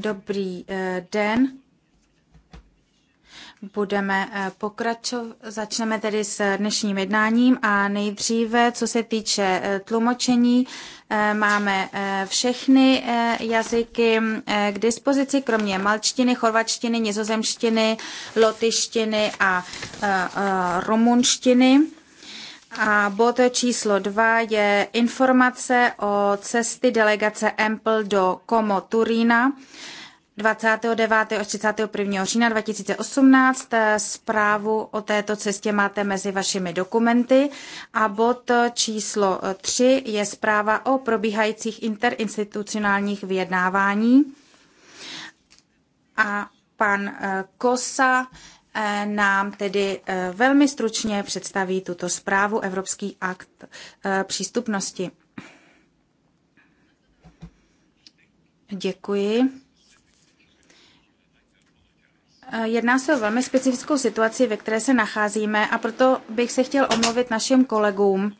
Dobrý eh, den. Budeme eh, pokračovat, začneme tedy s dnešním jednáním a nejdříve, co se týče eh, tlumočení, máme všechny jazyky k dispozici, kromě malčtiny, chorvačtiny, nizozemštiny, lotyštiny a rumunštiny. A bod číslo dva je informace o cesty delegace Empl do Como Turína 29. až 31. října 2018. Zprávu o této cestě máte mezi vašimi dokumenty. A bod číslo tři je zpráva o probíhajících interinstitucionálních vyjednávání. A pan eh, Kosa Eh, nám tedy eh, velmi stručně představí tuto zprávu Evropský akt eh, přístupnosti. Děkuji. Jedná se o velmi specifickou situaci, ve které se nacházíme a proto bych se chtěl omluvit našim kolegům,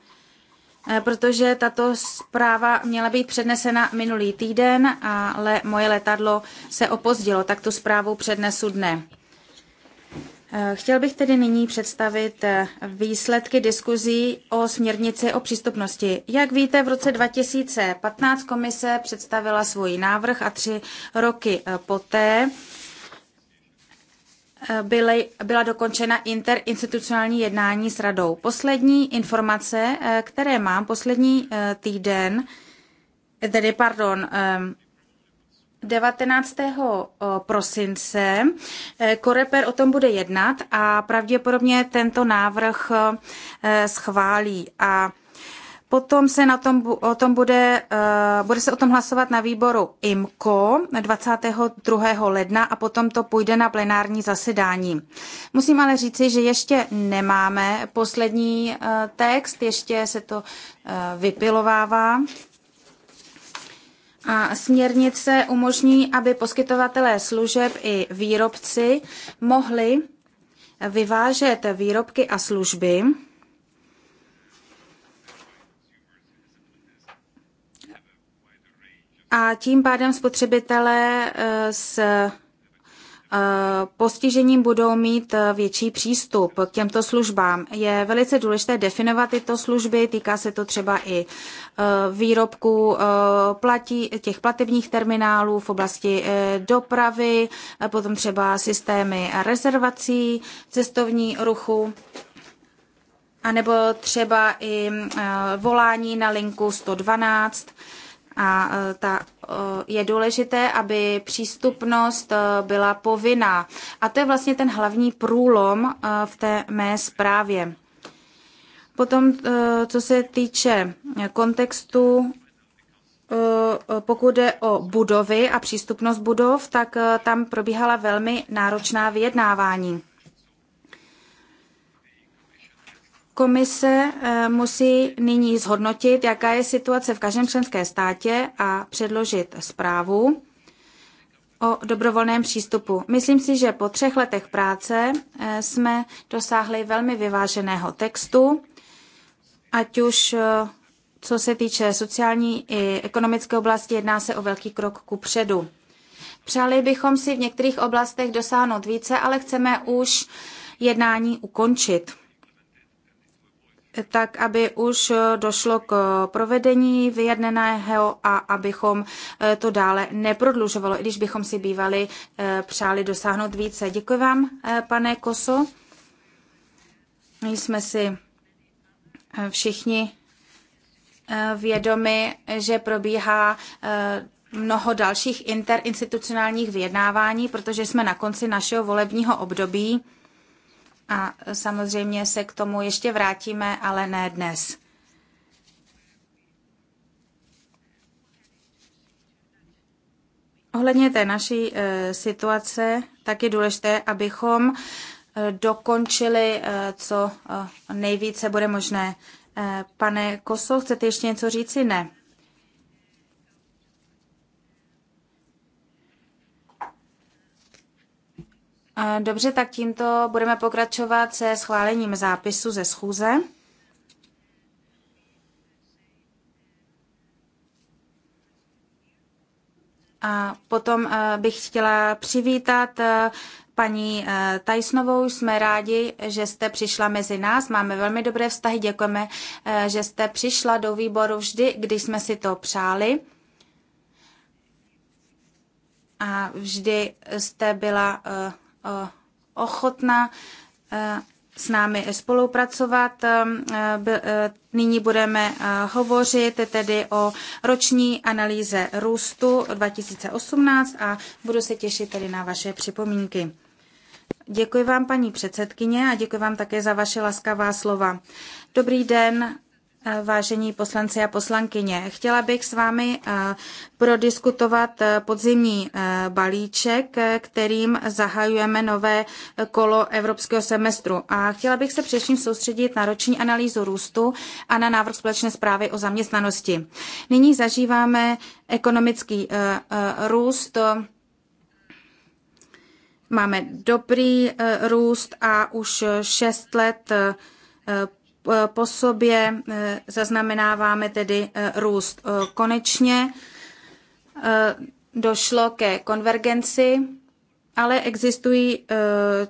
protože tato zpráva měla být přednesena minulý týden, ale moje letadlo se opozdilo, tak tu zprávu přednesu dne. Eh, chtěl bych tedy nyní představit eh, výsledky diskuzí o směrnici o přístupnosti. Jak víte, v roce 2015 komise představila svůj návrh a tři roky eh, poté byly, byla dokončena interinstitucionální jednání s radou. Poslední informace, které mám, poslední týden, tedy pardon, 19. Eh, prosince eh, Koreper o tom bude jednat a pravděpodobně tento návrh eh, schválí. A Potom se na tom, o tom bude, bude se o tom hlasovat na výboru IMKO 22. ledna a potom to půjde na plenární zasedání. Musím ale říci, že ještě nemáme poslední text, ještě se to vypilovává. A směrnice umožní, aby poskytovatelé služeb i výrobci mohli vyvážet výrobky a služby a tím pádem spotřebitelé eh, s postižením budou mít eh, větší přístup k těmto službám. Je velice důležité definovat tyto služby, týká se to třeba i eh, výrobku eh, platí, těch platebních terminálů v oblasti dopravy, potom třeba systémy rezervací, cestovní ruchu. A nebo třeba i volání na linku 112 a e, ta, e, je důležité, aby přístupnost e, byla povinná. A to je vlastně ten hlavní průlom v té mé zprávě. Potom, co se týče kontextu, pokud jde o budovy a přístupnost budov, tak tam probíhala velmi náročná vyjednávání. Komise eh, musí nyní zhodnotit, jaká je situace v každém členském státě a předložit zprávu o dobrovolném přístupu. Myslím si, že po třech letech práce eh, jsme dosáhli velmi vyváženého textu, ať už eh, co se týče sociální i ekonomické oblasti, jedná se o velký krok ku předu. Přáli bychom si v některých oblastech dosáhnout více, ale chceme už jednání ukončit tak aby už eh, došlo k eh, provedení vyjednaného a abychom eh, to dále neprodlužovalo, i když bychom si bývali přáli dosáhnout více. Děkuji vám, pane Koso. jsme si všichni vědomi, že probíhá mnoho dalších interinstitucionálních vyjednávání, protože jsme na konci našeho volebního období. A samozřejmě se k tomu ještě vrátíme, ale ne dnes. Ohledně té naší e, situace, tak je důležité, abychom e, dokončili, e, co nejvíce bude možné. Pane Koso, chcete ještě něco říci? Ne. Dobře, tak tímto budeme pokračovat se schválením zápisu ze schůze. A potom eh, bych chtěla přivítat eh, paní eh, Tajsnovou. Jsme rádi, že jste přišla mezi nás. Máme velmi dobré vztahy. Děkujeme, že jste přišla do výboru vždy, když jsme si to přáli. A vždy jste byla Eh, ochotna eh, s námi spolupracovat. Eh, nyní budeme hovořit tedy o roční analýze růstu 2018 a budu se těšit tedy na vaše připomínky. Děkuji vám, paní předsedkyně, a děkuji vám také za vaše laskavá slova. Dobrý den, Vážení poslanci a poslankyně, chtěla bych s vámi prodiskutovat podzimní balíček, kterým zahajujeme nové kolo evropského semestru. A chtěla bych se především soustředit na roční analýzu růstu a na návrh společné zprávy o zaměstnanosti. Nyní zažíváme ekonomický růst Máme dobrý růst a už šest let po sobě eh, zaznamenáváme tedy eh, růst. Eh, konečně došlo ke konvergenci, ale existují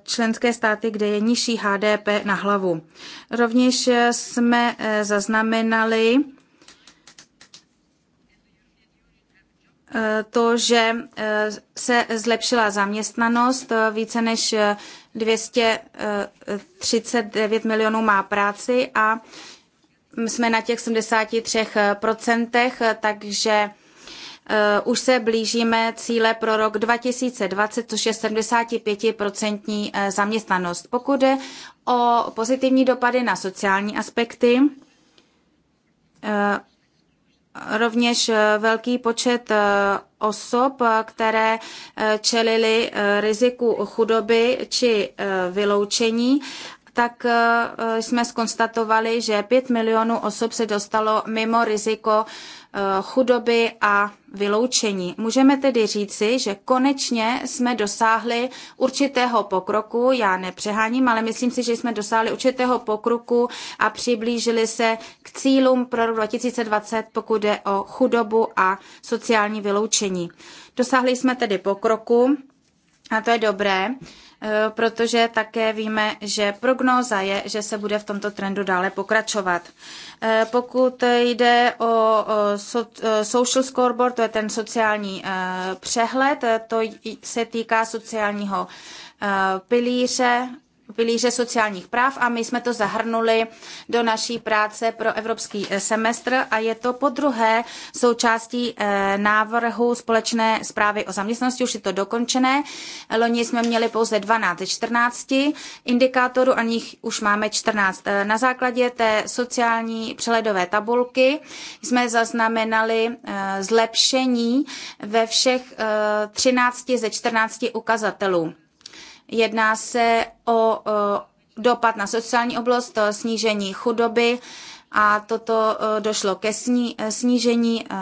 členské státy, kde je nižší HDP na hlavu. Rovněž jsme zaznamenali to, že eh, se zlepšila zaměstnanost, více než 239 eh, eh, milionů má práci a jsme na těch 73%, takže už se blížíme cíle pro rok 2020, což je 75% zaměstnanost. Pokud jde o pozitivní dopady na sociální aspekty, rovněž eh, velký počet eh, osob, eh, které čelili riziku chudoby či vyloučení tak jsme skonstatovali, že 5 milionů osob se dostalo mimo riziko Eh, chudoby a vyloučení. Můžeme tedy říci, že konečně jsme dosáhli určitého pokroku, já nepřeháním, ale myslím si, že jsme dosáhli určitého pokroku a přiblížili se k cílům pro rok 2020, pokud jde o chudobu a sociální vyloučení. Dosáhli jsme tedy pokroku a to je dobré. Eh, protože také víme, že prognóza je, že se bude v tomto trendu dále pokračovat. Eh, pokud jde o eh, social scoreboard, to je ten sociální přehled, to se týká sociálního pilíře pilíře sociálních práv a my jsme to zahrnuli do naší práce pro evropský eh, semestr a je to po druhé součástí eh, návrhu společné zprávy o zaměstnanosti, už je to dokončené. Loni jsme měli pouze 12 14 indikátorů a nich už máme 14. Eh, na základě té sociální přeledové tabulky jsme zaznamenali zlepšení ve všech 13 ze 14 ukazatelů. Jedná se o dopad na sociální oblast, snížení chudoby a toto došlo ke sní, e, snížení e,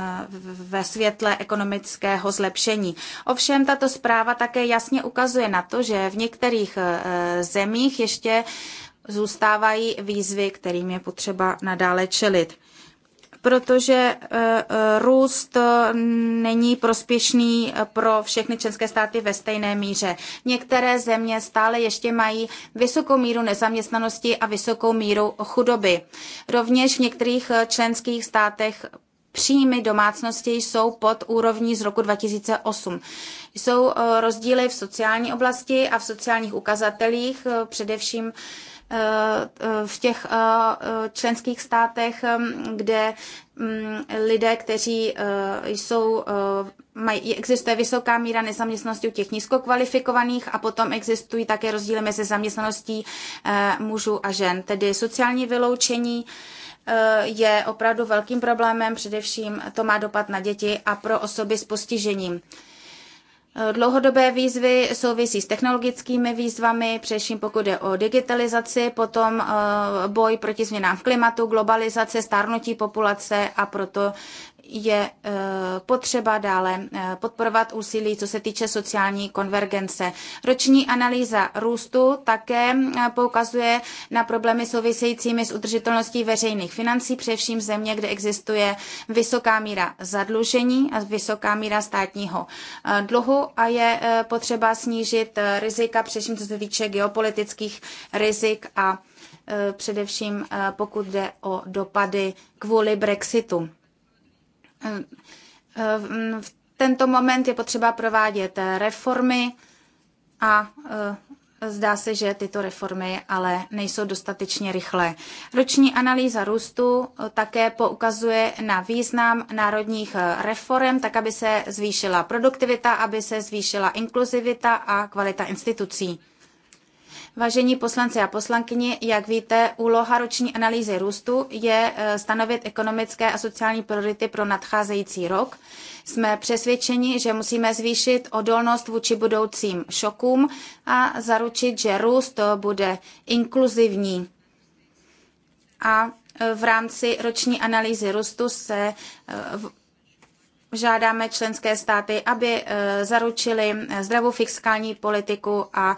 ve světle ekonomického zlepšení. Ovšem tato zpráva také jasně ukazuje na to, že v některých e, zemích ještě zůstávají výzvy, kterým je potřeba nadále čelit protože eh, eh, růst eh, není prospěšný pro všechny členské státy ve stejné míře. Některé země stále ještě mají vysokou míru nezaměstnanosti a vysokou míru chudoby. Rovněž v některých členských státech příjmy domácnosti jsou pod úrovní z roku 2008. Jsou rozdíly v sociální oblasti a v sociálních ukazatelích, především v těch eh, členských státech, eh, kde mm, lidé, kteří eh, jsou, mají, existuje vysoká míra nezaměstnanosti u těch nízkokvalifikovaných a potom existují také rozdíly mezi zaměstnaností mužů a žen. Tedy sociální vyloučení je opravdu velkým problémem, především to má dopad na děti a pro osoby s postižením. Eh, dlouhodobé výzvy souvisí s technologickými výzvami, především pokud je o digitalizaci, potom eh, boj proti změnám klimatu, globalizace, stárnutí populace a proto je eh, potřeba dále eh, podporovat úsilí, co se týče sociální konvergence. Roční analýza růstu také eh, poukazuje na problémy souvisejícími s udržitelností veřejných financí, především země, kde existuje vysoká míra zadlužení a vysoká míra státního dluhu a je potřeba snížit rizika, především co se týče geopolitických rizik a především pokud jde o dopady kvůli Brexitu. Eh, eh, v tento moment je potřeba provádět reformy a eh, Zdá se, že tyto reformy ale nejsou dostatečně rychlé. Roční analýza růstu také poukazuje na význam národních reform, tak aby se zvýšila produktivita, aby se zvýšila inkluzivita a kvalita institucí. Vážení poslanci a poslankyni, jak víte, úloha roční analýzy růstu je eh, stanovit ekonomické a sociální priority pro nadcházející rok. Jsme přesvědčeni, že musíme zvýšit odolnost vůči budoucím šokům a zaručit, že růst bude inkluzivní. A eh, v rámci roční analýzy růstu se eh, žádáme členské státy, aby zaručili zdravou fiskální politiku a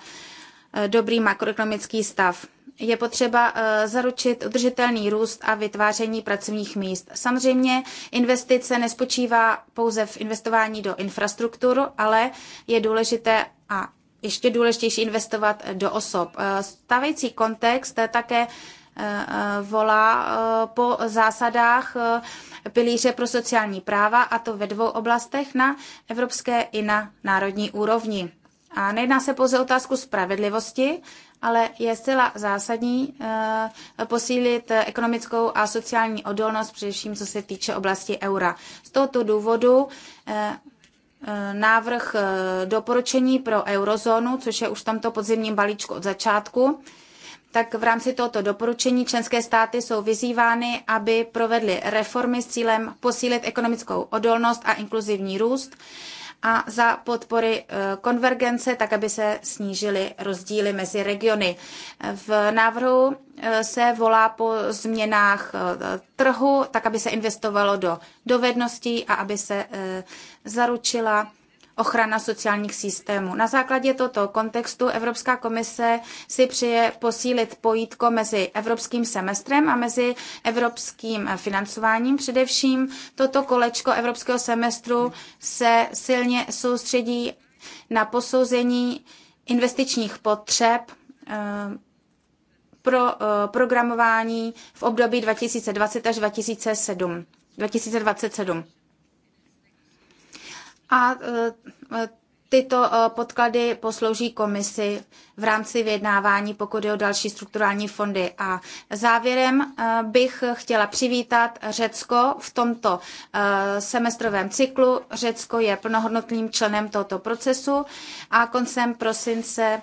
Eh, dobrý makroekonomický stav. Je potřeba eh, zaručit udržitelný růst a vytváření pracovních míst. Samozřejmě investice nespočívá pouze v investování do infrastruktury, ale je důležité a ještě důležitější investovat do osob. Eh, stavející kontext také volá po zásadách pilíře pro sociální práva, a to ve dvou oblastech, na evropské i na národní úrovni. A nejedná se pouze o otázku spravedlivosti, ale je zcela zásadní eh, posílit ekonomickou a sociální odolnost, především co se týče oblasti eura. Z tohoto důvodu eh, eh, návrh doporučení pro eurozónu, což je už v tomto podzimním balíčku od začátku, tak v rámci tohoto doporučení členské státy jsou vyzývány, aby provedly reformy s cílem posílit ekonomickou odolnost a inkluzivní růst a za podpory eh, konvergence, tak aby se snížily rozdíly mezi regiony. V návrhu eh, se volá po změnách eh, trhu, tak aby se investovalo do dovedností a aby se zaručila ochrana sociálních systémů. Na základě tohoto kontextu Evropská komise si přeje posílit pojítko mezi evropským semestrem a mezi evropským financováním. Především toto kolečko evropského semestru se silně soustředí na posouzení investičních potřeb eh, pro eh, programování v období 2020 až 2027. 2027 a e, e, tyto e, podklady poslouží komisi v rámci vyjednávání, pokud je o další strukturální fondy. A závěrem bych chtěla přivítat Řecko v tomto semestrovém cyklu. Řecko je plnohodnotným členem tohoto procesu a koncem prosince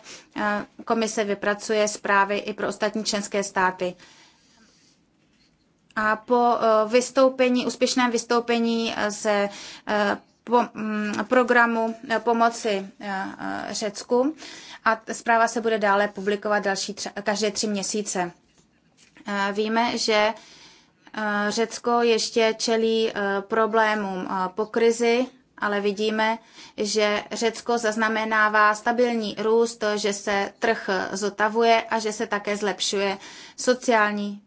komise vypracuje zprávy i pro ostatní členské státy. A po vystoupení, úspěšném vystoupení se Mm, programu eh, pomoci eh, eh, Řecku a zpráva se bude dále publikovat další tři, každé tři měsíce. Víme, že Řecko ještě čelí problémům po krizi, ale vidíme, že Řecko zaznamenává stabilní růst, že se trh zotavuje a že se také zlepšuje sociální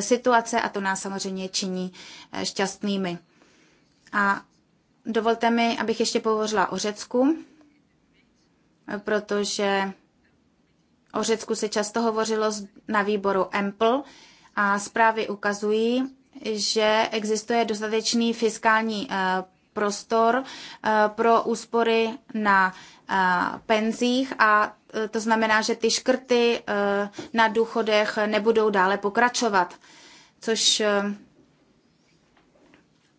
situace a to nás samozřejmě činí šťastnými. A Dovolte mi, abych ještě pohovořila o Řecku, protože o Řecku se často hovořilo na výboru EMPL a zprávy ukazují, že existuje dostatečný fiskální eh, prostor eh, pro úspory na eh, penzích a to znamená, že ty škrty na důchodech nebudou dále pokračovat, což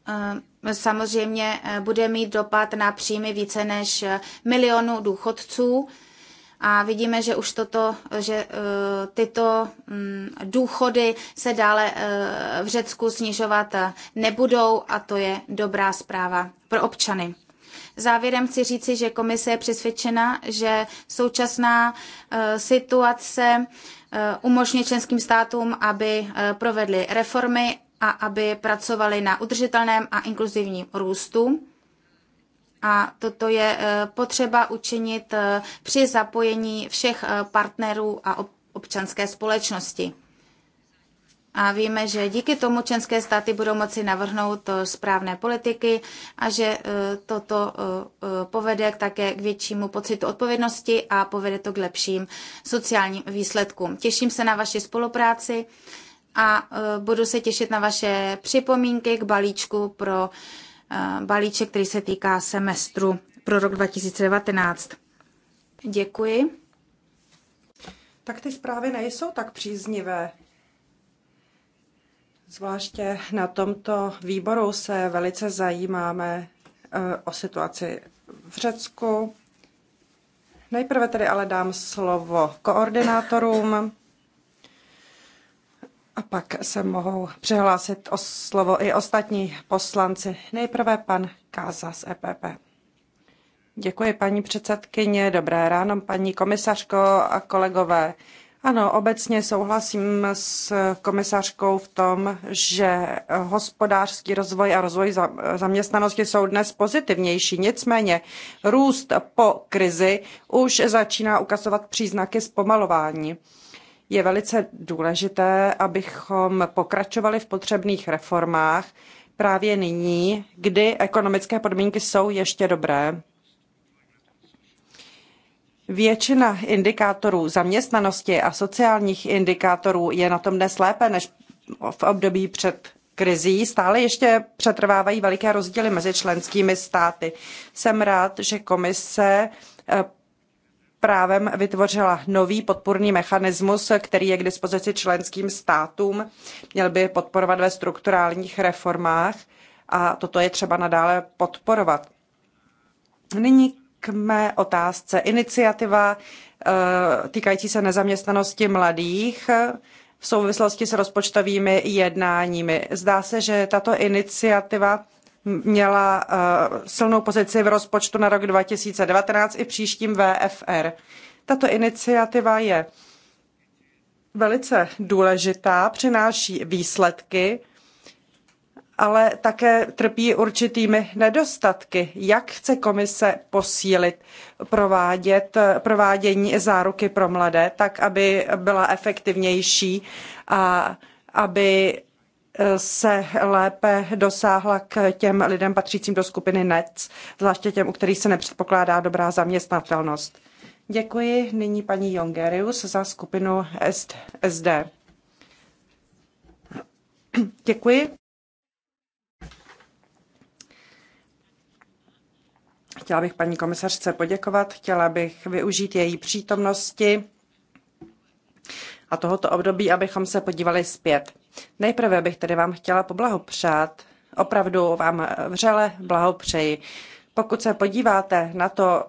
Ehm, samozřejmě eh, bude mít dopad na příjmy více než eh, milionu důchodců. A vidíme, že už toto, že eh, tyto mm, důchody se dále v Řecku snižovat nebudou a to je dobrá zpráva pro občany. Závěrem chci říci, že komise je přesvědčena, že současná situace umožňuje členským státům, aby provedly reformy a aby pracovali na udržitelném a inkluzivním růstu. A toto je eh, potřeba učinit eh, při zapojení všech eh, partnerů a občanské společnosti. A víme, že díky tomu členské státy budou moci navrhnout správné politiky a že toto povede také k většímu pocitu odpovědnosti a povede to k lepším sociálním výsledkům. Těším se na vaši spolupráci a e, budu se těšit na vaše připomínky k balíčku pro e, balíček, který se týká semestru pro rok 2019. Děkuji. Tak ty zprávy nejsou tak příznivé. Zvláště na tomto výboru se velice zajímáme e, o situaci v Řecku. Nejprve tedy ale dám slovo koordinátorům. A pak se mohou přihlásit o slovo i ostatní poslanci. Nejprve pan Káza z EPP. Děkuji, paní předsedkyně. Dobré ráno, paní komisařko a kolegové. Ano, obecně souhlasím s komisařkou v tom, že hospodářský rozvoj a rozvoj zaměstnanosti jsou dnes pozitivnější. Nicméně růst po krizi už začíná ukazovat příznaky zpomalování je velice důležité, abychom pokračovali v potřebných reformách právě nyní, kdy ekonomické podmínky jsou ještě dobré. Většina indikátorů zaměstnanosti a sociálních indikátorů je na tom dnes lépe než v období před krizí. Stále ještě přetrvávají veliké rozdíly mezi členskými státy. Jsem rád, že komise právem vytvořila nový podpůrný mechanismus, který je k dispozici členským státům, měl by podporovat ve strukturálních reformách a toto je třeba nadále podporovat. Nyní k mé otázce. Iniciativa eh, týkající se nezaměstnanosti mladých v souvislosti s rozpočtovými jednáními. Zdá se, že tato iniciativa měla eh, silnou pozici v rozpočtu na rok 2019 i v příštím VFR. Tato iniciativa je velice důležitá, přináší výsledky, ale také trpí určitými nedostatky. Jak chce komise posílit provádět, provádění záruky pro mladé, tak aby byla efektivnější a aby se lépe dosáhla k těm lidem patřícím do skupiny NEC, zvláště těm, u kterých se nepředpokládá dobrá zaměstnatelnost. Děkuji nyní paní Jongerius za skupinu SD. Děkuji. Chtěla bych paní komisařce poděkovat, chtěla bych využít její přítomnosti a tohoto období, abychom se podívali zpět. Nejprve bych tedy vám chtěla poblahopřát. Opravdu vám vřele blahopřeji. Pokud se podíváte na to,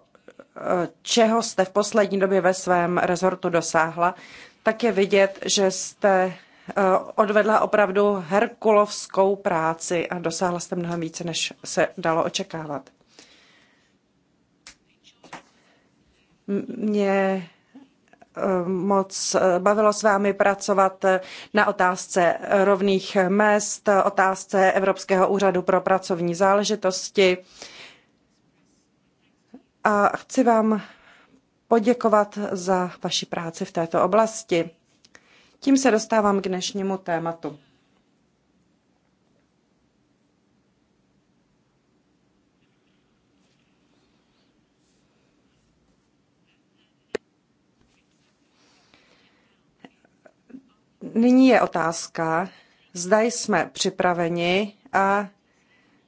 čeho jste v poslední době ve svém rezortu dosáhla, tak je vidět, že jste eh, odvedla opravdu herkulovskou práci a dosáhla jste mnohem více, než se dalo očekávat. Mě Eh, moc eh, bavilo s vámi pracovat eh, na otázce rovných mest, otázce Evropského úřadu pro pracovní záležitosti. A chci vám poděkovat za vaši práci v této oblasti. Tím se dostávám k dnešnímu tématu. Nyní je otázka, zda jsme připraveni a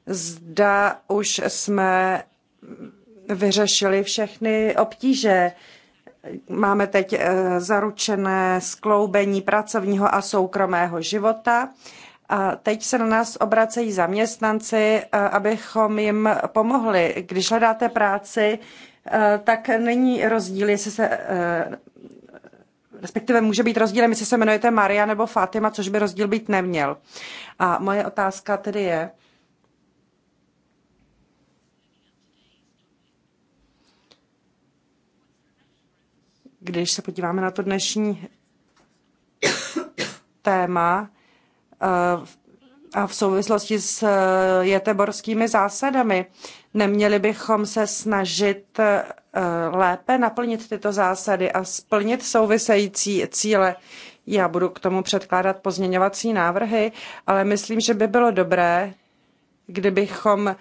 zda už jsme vyřešili všechny obtíže. Máme teď eh, zaručené skloubení pracovního a soukromého života. A teď se na nás obracejí zaměstnanci, eh, abychom jim pomohli. Když hledáte práci, eh, tak není rozdíl, jestli se respektive může být rozdílem, jestli se jmenujete Maria nebo Fatima, což by rozdíl být neměl. A moje otázka tedy je, když se podíváme na to dnešní téma eh, a v souvislosti s eh, jeteborskými zásadami, Neměli bychom se snažit eh, lépe naplnit tyto zásady a splnit související cíle. Já budu k tomu předkládat pozměňovací návrhy, ale myslím, že by bylo dobré, kdybychom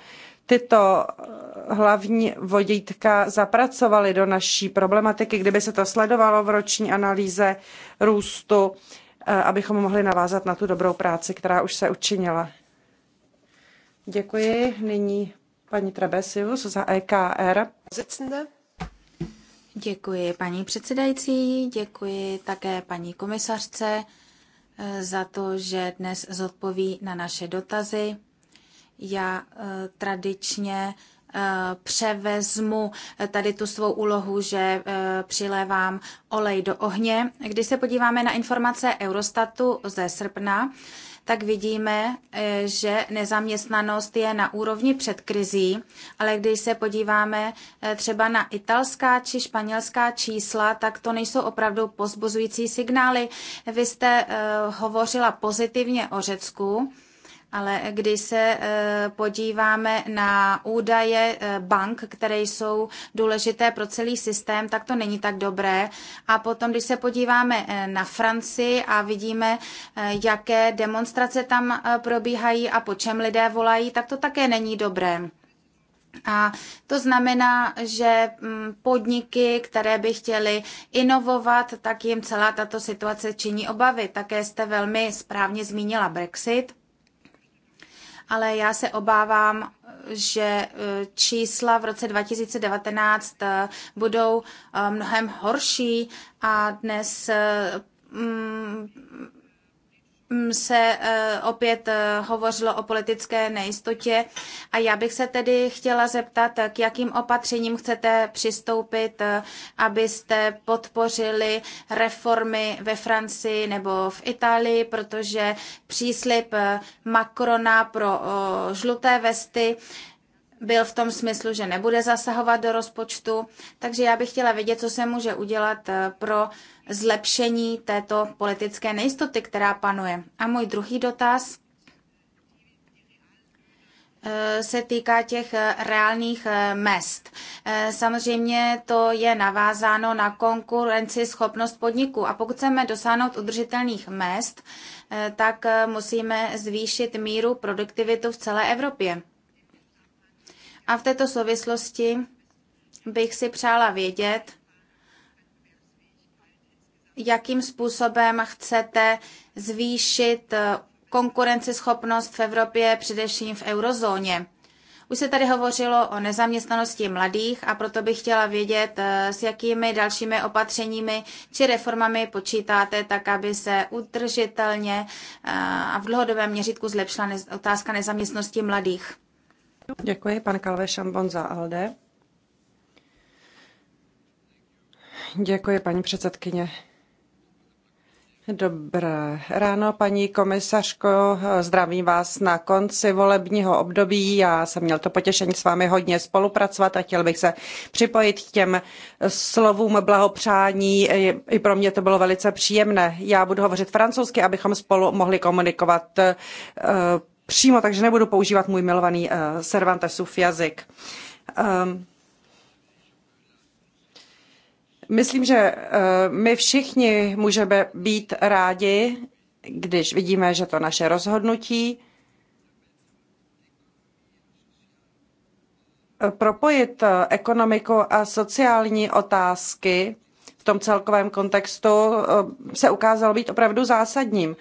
tyto eh, hlavní vodítka zapracovali do naší problematiky, kdyby se to sledovalo v roční analýze růstu, eh, abychom mohli navázat na tu dobrou práci, která už se učinila. Děkuji. Nyní Paní Trebesius za EKR. Děkuji paní předsedající, děkuji také paní komisařce eh, za to, že dnes zodpoví na naše dotazy. Já eh, tradičně eh, převezmu tady tu svou úlohu, že přilévám olej do ohně. Když se podíváme na informace Eurostatu ze srpna, tak vidíme, eh, že nezaměstnanost je na úrovni před krizí, ale když se podíváme eh, třeba na italská či španělská čísla, tak to nejsou opravdu pozbuzující signály. Vy jste eh, hovořila pozitivně o Řecku, ale když se eh, podíváme na údaje eh, bank, které jsou důležité pro celý systém, tak to není tak dobré. A potom, když se podíváme eh, na Francii a vidíme, jaké demonstrace tam probíhají a po čem lidé volají, tak to také není dobré. A to znamená, že mm, podniky, které by chtěly inovovat, tak jim celá tato situace činí obavy. Také jste velmi správně zmínila Brexit ale já se obávám, že e, čísla v roce 2019 e, budou e, mnohem horší a dnes Mm, se eh, opět eh, hovořilo o politické nejistotě a já bych se tedy chtěla zeptat, eh, k jakým opatřením chcete přistoupit, abyste podpořili reformy ve Francii nebo v Itálii, protože příslip Macrona pro žluté vesty byl v tom smyslu, že nebude zasahovat do rozpočtu, takže já bych chtěla vědět, co se může udělat pro zlepšení této politické nejistoty, která panuje. A můj druhý dotaz eh, se týká těch eh, reálných eh, mest. Samozřejmě to je navázáno na konkurenci schopnost podniků. a pokud chceme dosáhnout udržitelných mest, tak musíme zvýšit míru produktivitu v celé Evropě. A v této souvislosti bych si přála vědět, jakým způsobem chcete zvýšit eh, konkurenceschopnost v Evropě, především v eurozóně. Už se tady hovořilo o nezaměstnanosti mladých a proto bych chtěla vědět, eh, s jakými dalšími opatřeními či reformami počítáte, tak aby se udržitelně eh, a v dlouhodobém měřítku zlepšila otázka nezaměstnosti mladých. Děkuji, pan Kalve Šambon za ALDE. Děkuji, paní předsedkyně. Dobré ráno, paní komisařko. Zdravím vás na konci volebního období. Já jsem měl to potěšení s vámi hodně spolupracovat a chtěl bych se připojit k těm slovům blahopřání. I pro mě to bylo velice příjemné. Já budu hovořit francouzsky, abychom spolu mohli komunikovat eh, přímo, takže nebudu používat můj milovaný eh, Cervantesův jazyk. Ehm, Myslím, že eh, my všichni můžeme být rádi, když vidíme, že to naše rozhodnutí eh, propojit eh, ekonomiku a sociální otázky v tom celkovém kontextu se ukázalo být opravdu zásadním.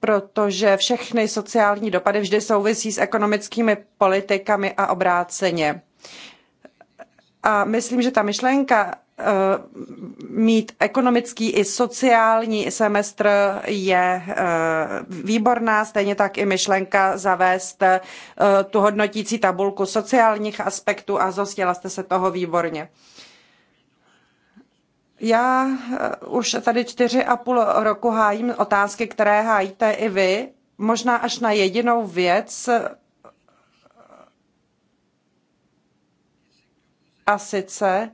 protože všechny sociální dopady vždy souvisí s ekonomickými politikami a obráceně. A myslím, že ta myšlenka eh, mít ekonomický i sociální semestr je eh, výborná, stejně tak i myšlenka zavést eh, tu hodnotící tabulku sociálních aspektů a zostěla jste se toho výborně. Já už tady čtyři a půl roku hájím otázky, které hájíte i vy. Možná až na jedinou věc, a sice,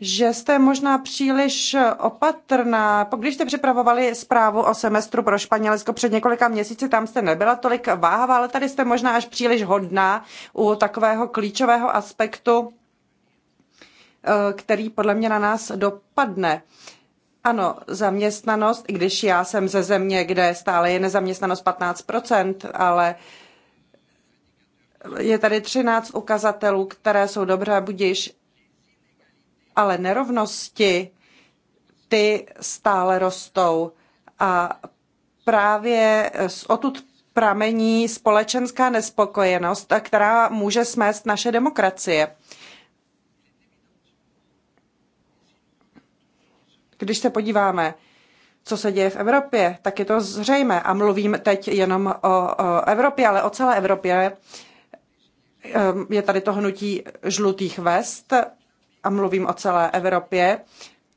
že jste možná příliš opatrná. Když jste připravovali zprávu o semestru pro Španělsko před několika měsíci, tam jste nebyla tolik váhavá, ale tady jste možná až příliš hodná u takového klíčového aspektu, eh, který podle mě na nás dopadne. Ano, zaměstnanost, i když já jsem ze země, kde stále je nezaměstnanost 15%, ale uh, je tady 13 ukazatelů, které jsou dobře, budíš, ale nerovnosti ty stále rostou. A právě z odtud pramení společenská nespokojenost, která může smést naše demokracie. Když se podíváme, co se děje v Evropě, tak je to zřejmé. A mluvím teď jenom o, o Evropě, ale o celé Evropě. Ehm, je tady to hnutí žlutých vest a mluvím o celé Evropě.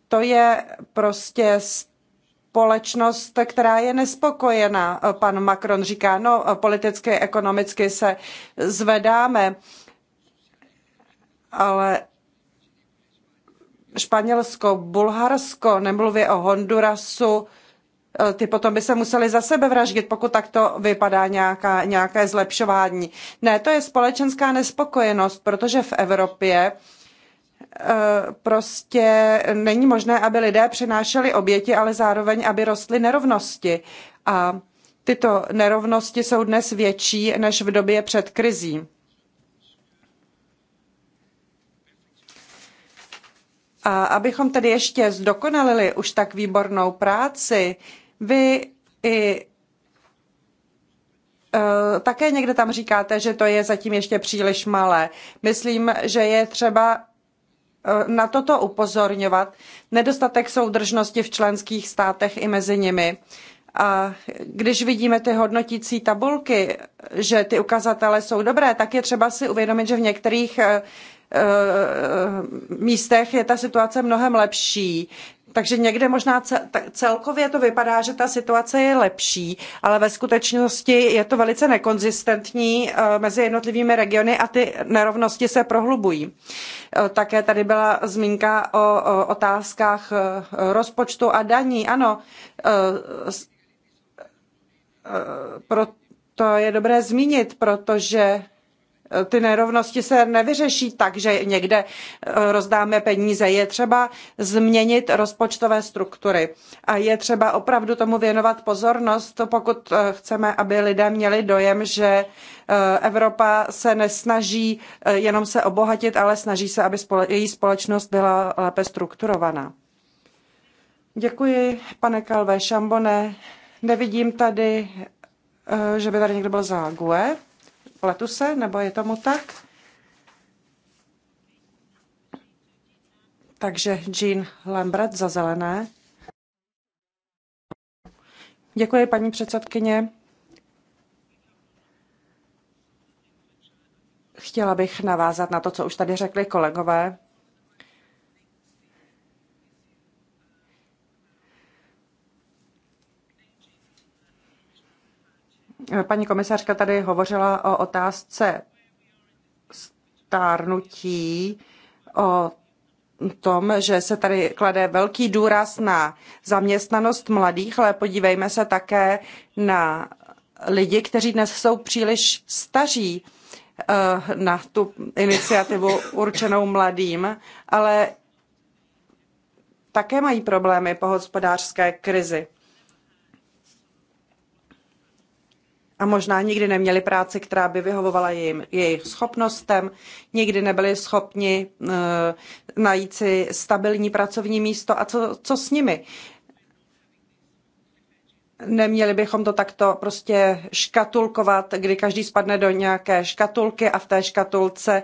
To je prostě společnost, která je nespokojená. Pan Macron říká, no politicky, ekonomicky se zvedáme, ale Španělsko, Bulharsko, nemluvě o Hondurasu, Eh, ty potom by se museli za sebe vraždit, pokud takto vypadá nějaká, nějaké zlepšování. Ne, to je společenská nespokojenost, protože v Evropě eh, prostě není možné, aby lidé přinášeli oběti, ale zároveň, aby rostly nerovnosti. A tyto nerovnosti jsou dnes větší než v době před krizí. A abychom tedy ještě zdokonalili už tak výbornou práci, vy i e, také někde tam říkáte, že to je zatím ještě příliš malé. Myslím, že je třeba e, na toto upozorňovat. Nedostatek soudržnosti v členských státech i mezi nimi. A když vidíme ty hodnotící tabulky, že ty ukazatele jsou dobré, tak je třeba si uvědomit, že v některých e, místech je ta situace mnohem lepší. Takže někde možná celkově to vypadá, že ta situace je lepší, ale ve skutečnosti je to velice nekonzistentní eh, mezi jednotlivými regiony a ty nerovnosti se prohlubují. Eh, také tady byla zmínka o otázkách eh, rozpočtu a daní. Ano, pro to je dobré zmínit, protože Eh, ty nerovnosti se nevyřeší tak, že někde eh, rozdáme peníze. Je třeba změnit rozpočtové struktury a je třeba opravdu tomu věnovat pozornost, pokud eh, chceme, aby lidé měli dojem, že Evropa se nesnaží jenom se obohatit, ale snaží se, aby její společnost byla lépe strukturovaná. Děkuji, pane Kalvé Šambone. Nevidím tady, že by tady někdo byl za GUE. Pletu se, nebo je tomu tak? Takže Jean Lambert za zelené. Děkuji, paní předsedkyně. Chtěla bych navázat na to, co už tady řekli kolegové. Paní komisařka tady hovořila o otázce stárnutí, o tom, že se tady klade velký důraz na zaměstnanost mladých, ale podívejme se také na lidi, kteří dnes jsou příliš staří eh, na tu iniciativu určenou mladým, ale také mají problémy po hospodářské krizi. a možná nikdy neměli práci, která by vyhovovala jim, jejich schopnostem, nikdy nebyli schopni uh, najít si stabilní pracovní místo a co, co s nimi. Neměli bychom to takto prostě škatulkovat, kdy každý spadne do nějaké škatulky a v té škatulce, e,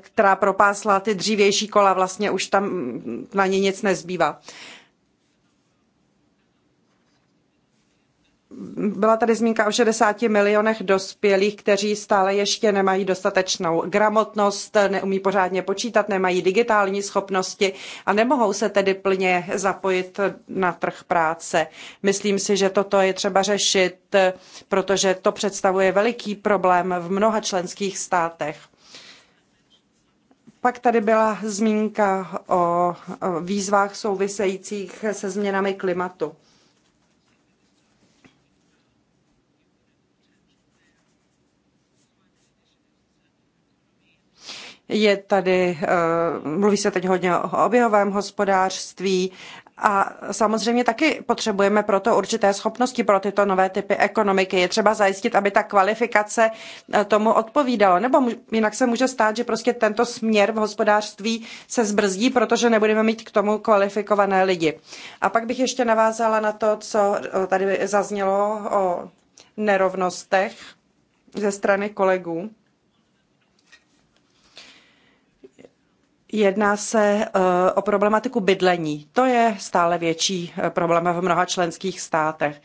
která propásla ty dřívější kola, vlastně už tam na ně nic nezbývá. byla tady zmínka o 60 milionech dospělých, kteří stále ještě nemají dostatečnou gramotnost, neumí pořádně počítat, nemají digitální schopnosti a nemohou se tedy plně zapojit na trh práce. Myslím si, že toto je třeba řešit, protože to představuje veliký problém v mnoha členských státech. Pak tady byla zmínka o výzvách souvisejících se změnami klimatu. Je tady, eh, mluví se teď hodně o oběhovém hospodářství a samozřejmě taky potřebujeme proto určité schopnosti pro tyto nové typy ekonomiky. Je třeba zajistit, aby ta kvalifikace eh, tomu odpovídala. Nebo jinak se může stát, že prostě tento směr v hospodářství se zbrzdí, protože nebudeme mít k tomu kvalifikované lidi. A pak bych ještě navázala na to, co eh, tady zaznělo o nerovnostech ze strany kolegů. Jedná se e, o problematiku bydlení. To je stále větší e, problém v mnoha členských státech.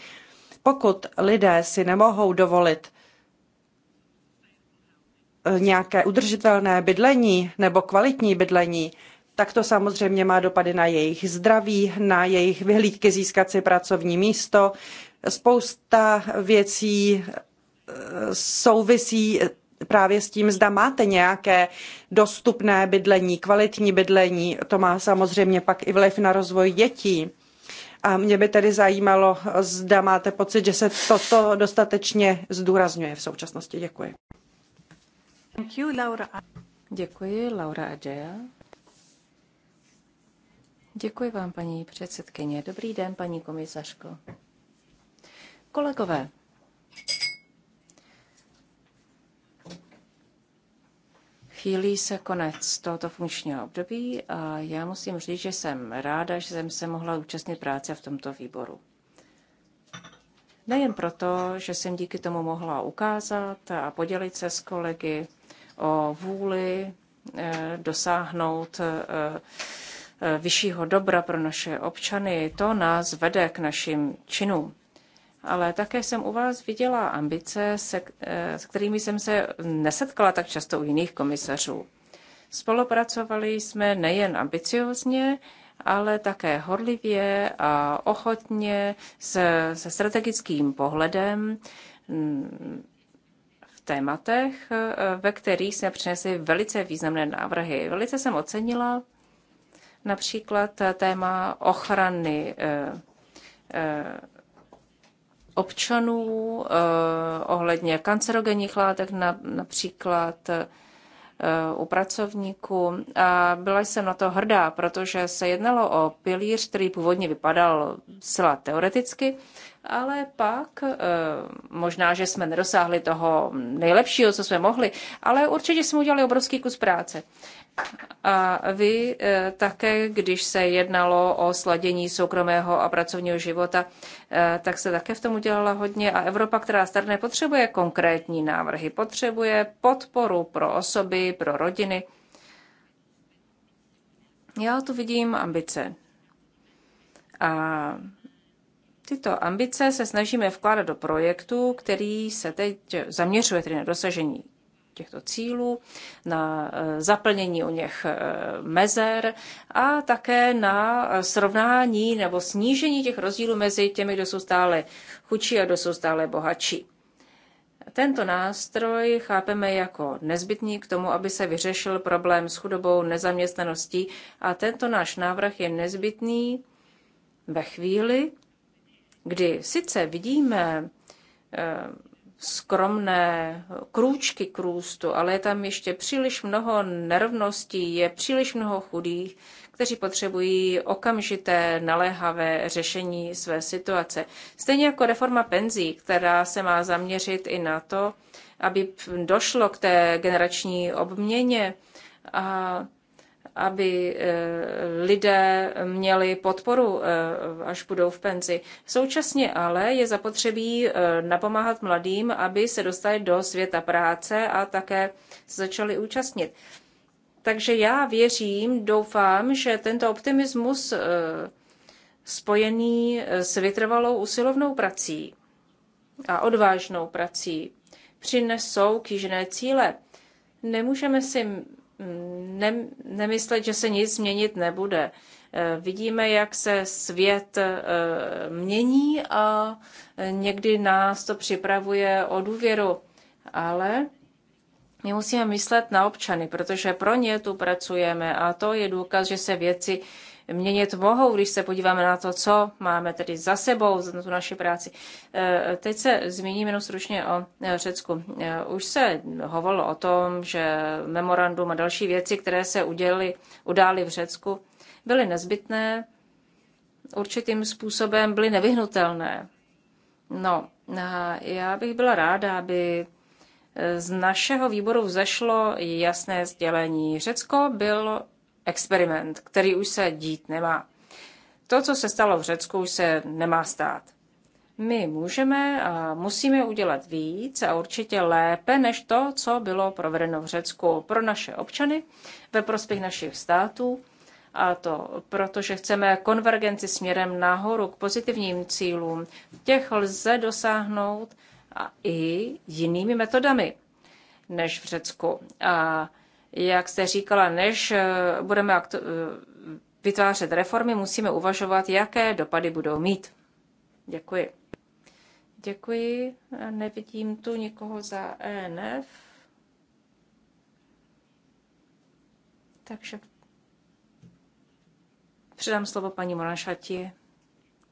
Pokud lidé si nemohou dovolit e, nějaké udržitelné bydlení nebo kvalitní bydlení, tak to samozřejmě má dopady na jejich zdraví, na jejich vyhlídky získat si pracovní místo. Spousta věcí souvisí právě s tím, zda máte nějaké dostupné bydlení, kvalitní bydlení. To má samozřejmě pak i vliv na rozvoj dětí. A mě by tedy zajímalo, zda máte pocit, že se toto dostatečně zdůrazňuje v současnosti. Děkuji. Thank you, Laura. Děkuji, Laura Adjea. Děkuji vám, paní předsedkyně. Dobrý den, paní komisařko. Kolegové, Chýlí se konec tohoto funkčního období a já musím říct, že jsem ráda, že jsem se mohla účastnit práce v tomto výboru. Nejen proto, že jsem díky tomu mohla ukázat a podělit se s kolegy o vůli eh, dosáhnout eh, eh, vyššího dobra pro naše občany. To nás vede k našim činům ale také jsem u vás viděla ambice, se, eh, s kterými jsem se nesetkala tak často u jiných komisařů. Spolupracovali jsme nejen ambiciozně, ale také horlivě a ochotně se, se strategickým pohledem mm, v tématech, eh, ve kterých jsme přinesli velice významné návrhy. Velice jsem ocenila například téma ochrany eh, občanů eh, ohledně kancerogenních látek, například eh, u pracovníků. A byla jsem na to hrdá, protože se jednalo o pilíř, který původně vypadal zcela teoreticky, ale pak eh, možná, že jsme nedosáhli toho nejlepšího, co jsme mohli, ale určitě jsme udělali obrovský kus práce. A vy eh, také, když se jednalo o sladění soukromého a pracovního života, eh, tak se také v tom udělala hodně. A Evropa, která starne, potřebuje konkrétní návrhy, potřebuje podporu pro osoby, pro rodiny. Já tu vidím ambice. A tyto ambice se snažíme vkládat do projektu, který se teď zaměřuje tedy na dosažení těchto cílů, na eh, zaplnění o něch eh, mezer a také na srovnání nebo snížení těch rozdílů mezi těmi, kdo jsou stále chudší a kdo jsou stále bohatší. Tento nástroj chápeme jako nezbytný k tomu, aby se vyřešil problém s chudobou, nezaměstnaností a tento náš návrh je nezbytný ve chvíli, kdy sice vidíme eh, skromné krůčky k růstu, ale je tam ještě příliš mnoho nerovností, je příliš mnoho chudých, kteří potřebují okamžité naléhavé řešení své situace. Stejně jako reforma penzí, která se má zaměřit i na to, aby došlo k té generační obměně a aby eh, lidé měli podporu, eh, až budou v penzi. Současně ale je zapotřebí eh, napomáhat mladým, aby se dostali do světa práce a také začali účastnit. Takže já věřím, doufám, že tento optimismus spojený s vytrvalou usilovnou prací a odvážnou prací přinesou kýžené cíle. Nemůžeme si ne, nemyslet, že se nic změnit nebude. Eh, vidíme, jak se svět eh, mění a eh, někdy nás to připravuje o důvěru, ale my musíme myslet na občany, protože pro ně tu pracujeme a to je důkaz, že se věci měnit mohou, když se podíváme na to, co máme tedy za sebou, za tu naši práci. E, teď se zmíním jenom stručně o e, Řecku. E, už se hovorilo o tom, že memorandum a další věci, které se udělali, udály v Řecku, byly nezbytné, určitým způsobem byly nevyhnutelné. No, já bych byla ráda, aby z našeho výboru vzešlo jasné sdělení. Řecko bylo experiment, který už se dít nemá. To, co se stalo v Řecku, už se nemá stát. My můžeme a musíme udělat víc a určitě lépe než to, co bylo provedeno v Řecku pro naše občany, ve prospěch našich států. A to proto, že chceme konvergenci směrem nahoru k pozitivním cílům. Těch lze dosáhnout a i jinými metodami než v Řecku. A jak jste říkala, než eh, budeme eh, vytvářet reformy, musíme uvažovat, jaké dopady budou mít. Děkuji. Děkuji. Nevidím tu nikoho za ENF. Takže předám slovo paní Monašati.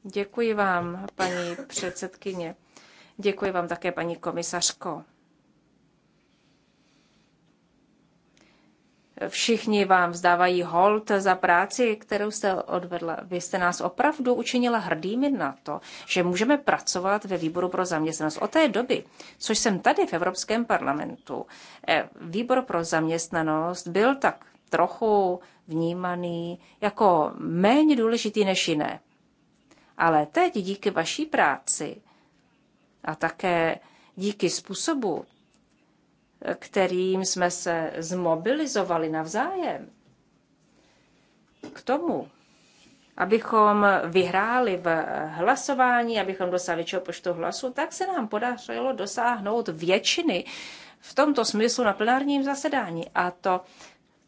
Děkuji vám, paní předsedkyně. Děkuji vám také, paní komisařko. Všichni vám vzdávají hold za práci, kterou jste odvedla. Vy jste nás opravdu učinila hrdými na to, že můžeme pracovat ve výboru pro zaměstnanost. Od té doby, což jsem tady v Evropském parlamentu, eh, výbor pro zaměstnanost byl tak trochu vnímaný jako méně důležitý než jiné. Ale teď díky vaší práci a také díky způsobu, kterým jsme se zmobilizovali navzájem k tomu, abychom vyhráli v hlasování, abychom dosáhli většího počtu hlasů, tak se nám podařilo dosáhnout většiny v tomto smyslu na plenárním zasedání. A to,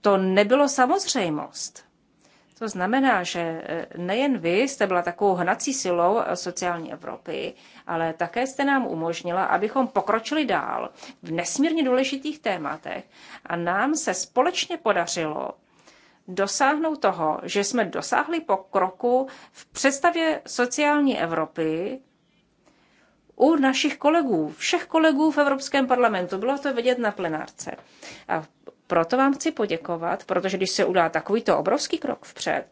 to nebylo samozřejmost. To znamená, že e, nejen vy jste byla takovou hnací silou e, sociální Evropy, ale také jste nám umožnila, abychom pokročili dál v nesmírně důležitých tématech a nám se společně podařilo dosáhnout toho, že jsme dosáhli pokroku v představě sociální Evropy u našich kolegů, všech kolegů v Evropském parlamentu. Bylo to vidět na plenárce. A proto vám chci poděkovat, protože když se udá takovýto obrovský krok vpřed,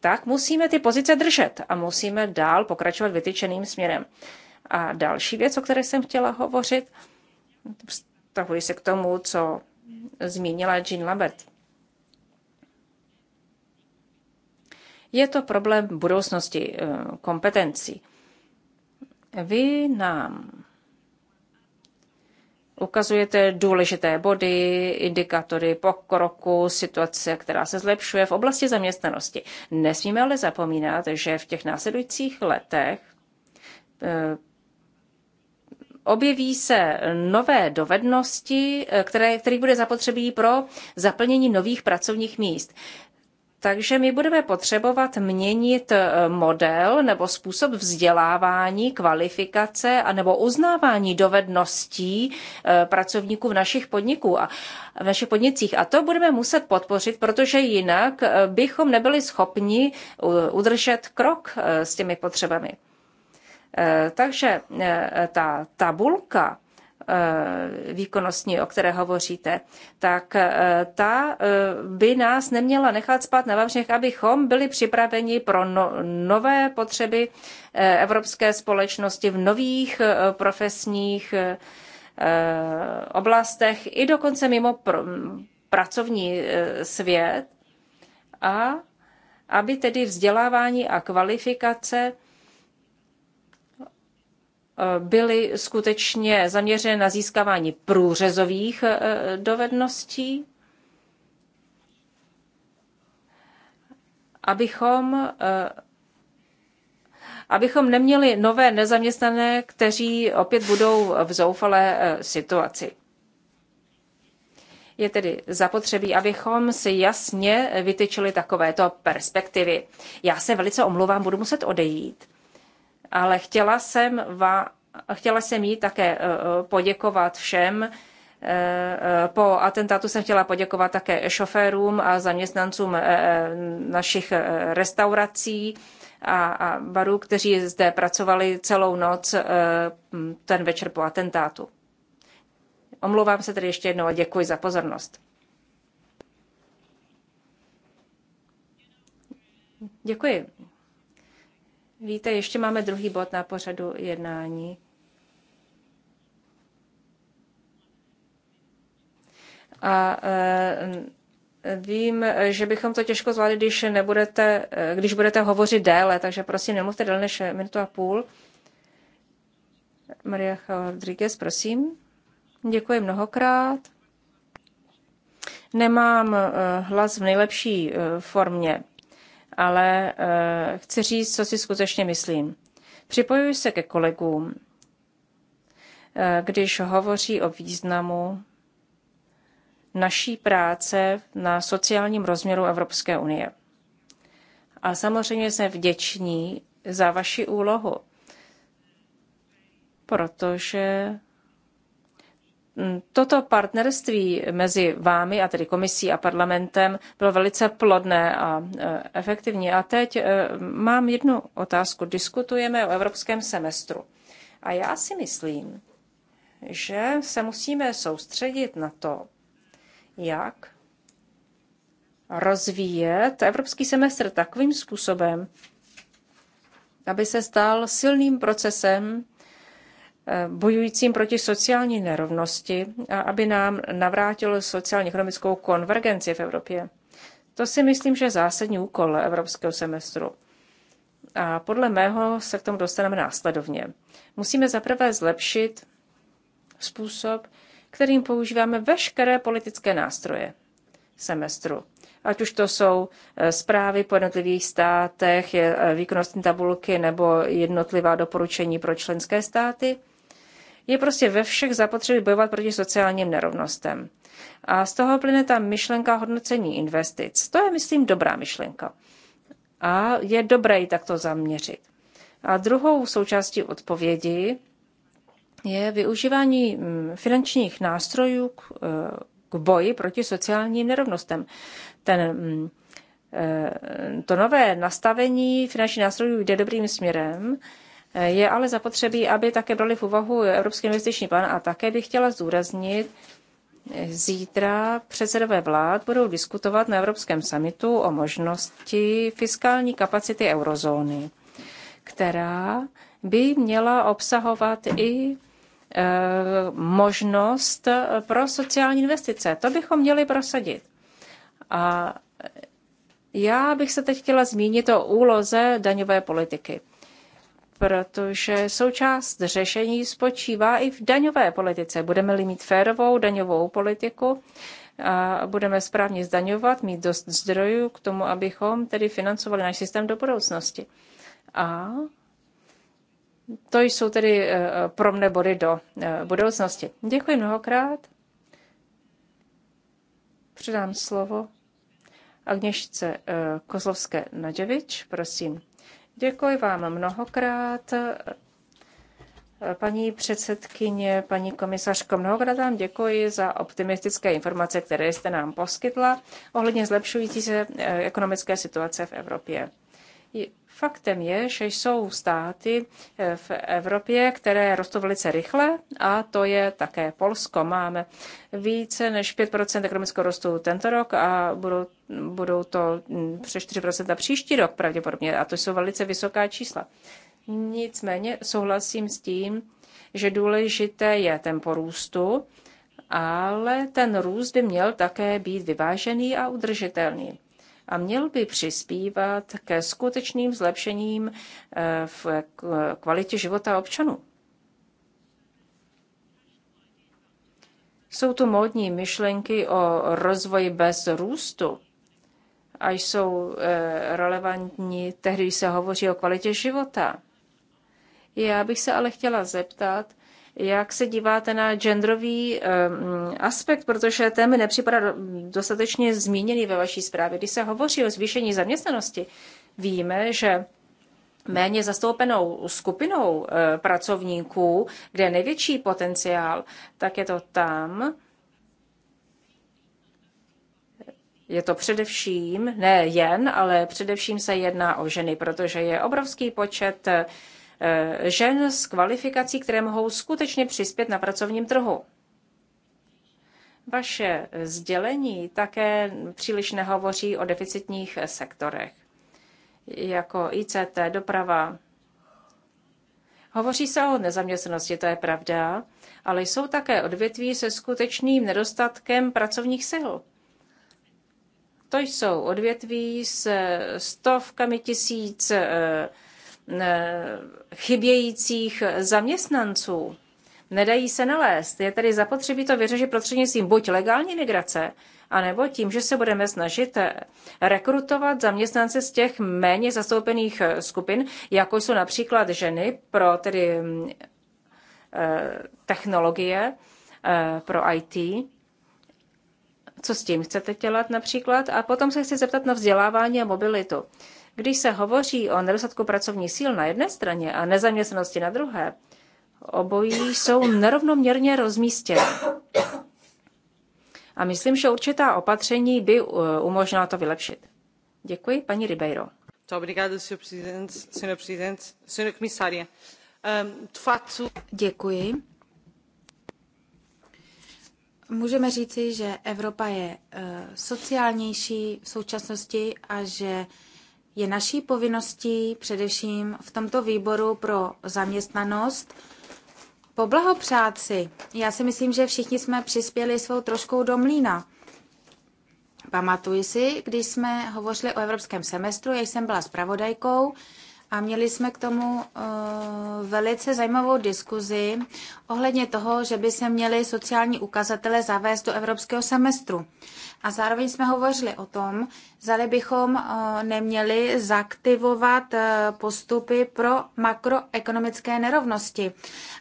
tak musíme ty pozice držet a musíme dál pokračovat vytyčeným směrem. A další věc, o které jsem chtěla hovořit, vztahuji se k tomu, co zmínila Jean Lambert. Je to problém budoucnosti eh, kompetencí. Vy nám Ukazujete důležité body, indikatory pokroku, situace, která se zlepšuje v oblasti zaměstnanosti. Nesmíme ale zapomínat, že v těch následujících letech eh, objeví se nové dovednosti, eh, které, které bude zapotřebí pro zaplnění nových pracovních míst. Takže my budeme potřebovat měnit e, model nebo způsob vzdělávání, kvalifikace a nebo uznávání dovedností e, pracovníků v našich podniků a v našich podnicích. A to budeme muset podpořit, protože jinak e, bychom nebyli schopni udržet krok s těmi potřebami. Takže ta tabulka Eh, výkonnostní, o které hovoříte, tak eh, ta eh, by nás neměla nechat spát na vavřech, abychom byli připraveni pro no, nové potřeby evropské společnosti v nových profesních oblastech i dokonce mimo pr- pracovní svět a aby tedy vzdělávání a kvalifikace Eh, byly skutečně zaměřeny na získávání průřezových eh, dovedností, abychom eh, abychom neměli nové nezaměstnané, kteří opět budou v zoufalé situaci. Je tedy zapotřebí, abychom si jasně vytyčili takovéto perspektivy. Já se velice omluvám, budu muset odejít ale chtěla jsem, va, chtěla jsem jí také eh, poděkovat všem. Eh, eh, po atentátu jsem chtěla poděkovat také šoférům a zaměstnancům našich restaurací a, barů, kteří zde pracovali celou noc ten večer po atentátu. Omlouvám se tedy ještě jednou a děkuji za pozornost. Děkuji. Víte, ještě máme druhý bod na pořadu jednání. A eh, Vím, že bychom to těžko zvládli, když, nebudete, eh, když budete hovořit déle, takže prosím, nemluvte déle než minutu a půl. Maria Rodriguez, prosím. Děkuji mnohokrát. Nemám eh, hlas v nejlepší formě ale eh, chci říct, co si skutečně myslím. Připojuji se ke kolegům, eh, když hovoří o významu naší práce na sociálním rozměru Evropské unie. A samozřejmě jsem vděční za vaši úlohu, protože Mm, toto partnerství mezi vámi, a tedy komisí a parlamentem, bylo velice plodné a e, efektivní. A teď e, mám jednu otázku. Diskutujeme o evropském semestru. A já si myslím, že se musíme soustředit na to, jak rozvíjet evropský semestr takovým způsobem, aby se stal silným procesem Eh, bojujícím proti sociální nerovnosti a aby nám navrátil sociálně-ekonomickou konvergenci v Evropě. To si myslím, že je zásadní úkol evropského semestru. A podle mého se k tomu dostaneme následovně. Musíme zaprvé zlepšit způsob, kterým používáme veškeré politické nástroje semestru. Ať už to jsou eh, zprávy po jednotlivých státech, eh, výkonnostní tabulky nebo jednotlivá doporučení pro členské státy – je prostě ve všech zapotřebí bojovat proti sociálním nerovnostem. A z toho plyne ta myšlenka hodnocení investic. To je, myslím, dobrá myšlenka. A je dobré ji takto zaměřit. A druhou součástí odpovědi je využívání mm, finančních nástrojů k, e, k boji proti sociálním nerovnostem. Ten, mm, e, to nové nastavení finančních nástrojů jde dobrým směrem, je ale zapotřebí, aby také brali v úvahu Evropský investiční plán a také bych chtěla zdůraznit, Zítra předsedové vlád budou diskutovat na Evropském samitu o možnosti fiskální kapacity eurozóny, která by měla obsahovat i e, možnost pro sociální investice. To bychom měli prosadit. A já bych se teď chtěla zmínit o úloze daňové politiky protože součást řešení spočívá i v daňové politice. Budeme-li mít férovou daňovou politiku, a budeme správně zdaňovat, mít dost zdrojů k tomu, abychom tedy financovali náš systém do budoucnosti. A to jsou tedy e, pro mne body do e, budoucnosti. Děkuji mnohokrát. Předám slovo Agněšce e, Kozlovské Nadževič, prosím. Děkuji vám mnohokrát. Paní předsedkyně, paní komisařko, mnohokrát vám děkuji za optimistické informace, které jste nám poskytla ohledně zlepšující se eh, ekonomické situace v Evropě. Faktem je, že jsou státy eh, v Evropě, které rostou velice rychle a to je také Polsko. Máme více než 5% ekonomického rostu tento rok a budou, budou to hm, přes 4% příští rok pravděpodobně a to jsou velice vysoká čísla. Nicméně souhlasím s tím, že důležité je tempo růstu, ale ten růst by měl také být vyvážený a udržitelný a měl by přispívat ke skutečným zlepšením eh, v kvalitě života občanů. Jsou tu módní myšlenky o rozvoji bez růstu a jsou eh, relevantní tehdy, když se hovoří o kvalitě života. Já bych se ale chtěla zeptat, jak se díváte na genderový aspekt, protože ten mi nepřipadá dostatečně zmíněný ve vaší zprávě. Když se hovoří o zvýšení zaměstnanosti, víme, že méně zastoupenou skupinou e, pracovníků, kde je největší potenciál, tak je to tam, je to především, ne jen, ale především se jedná o ženy, protože je obrovský počet uh, Eh, žen s kvalifikací, které mohou skutečně přispět na pracovním trhu. Vaše sdělení také příliš nehovoří o deficitních sektorech, jako ICT, doprava. Hovoří se o nezaměstnanosti, to je pravda, ale jsou také odvětví se skutečným nedostatkem pracovních sil. To jsou odvětví s stovkami tisíc eh, Eh, chybějících zaměstnanců nedají se nalézt. Je tedy zapotřebí to vyřešit prostřednictvím buď legální migrace, anebo tím, že se budeme snažit eh, rekrutovat zaměstnance z těch méně zastoupených eh, skupin, jako jsou například ženy pro tedy mm, technologie, pro IT. Co s tím chcete dělat například? A potom se chci zeptat na vzdělávání a mobilitu. Když se hovoří o nedostatku pracovních síl na jedné straně a nezaměstnanosti na druhé, obojí jsou nerovnoměrně rozmístěny. A myslím, že určitá opatření by uh, umožnila to vylepšit. Děkuji, paní Ribeiro. Ehm, Děkuji. Můžeme říci, že Evropa je eh, sociálnější v současnosti a že je naší povinností především v tomto výboru pro zaměstnanost poblahopřát si. Já si myslím, že všichni jsme přispěli svou troškou do mlína. Pamatuji si, když jsme hovořili o evropském semestru, já jsem byla zpravodajkou a měli jsme k tomu uh, velice zajímavou diskuzi ohledně toho, že by se měly sociální ukazatele zavést do evropského semestru. A zároveň jsme hovořili o tom, zali bychom eh, neměli zaktivovat eh, postupy pro makroekonomické nerovnosti.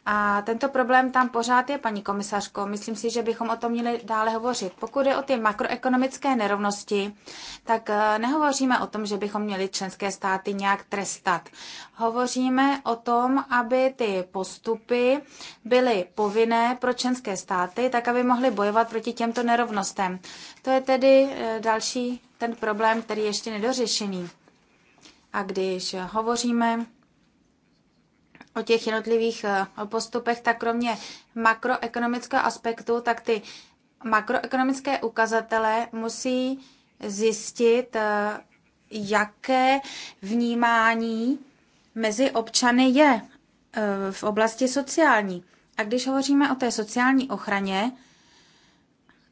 A tento problém tam pořád je, paní komisařko. Myslím si, že bychom o tom měli dále hovořit. Pokud je o ty makroekonomické nerovnosti, tak eh, nehovoříme o tom, že bychom měli členské státy nějak trestat. Hovoříme o tom, aby ty postupy byly povinné pro členské státy, tak aby mohly bojovat proti těmto nerovnostem. To je tedy e, další ten problém, který je ještě nedořešený. A když hovoříme o těch jednotlivých e, postupech, tak kromě makroekonomického aspektu, tak ty makroekonomické ukazatele musí zjistit, e, jaké vnímání mezi občany je v oblasti sociální. A když hovoříme o té sociální ochraně,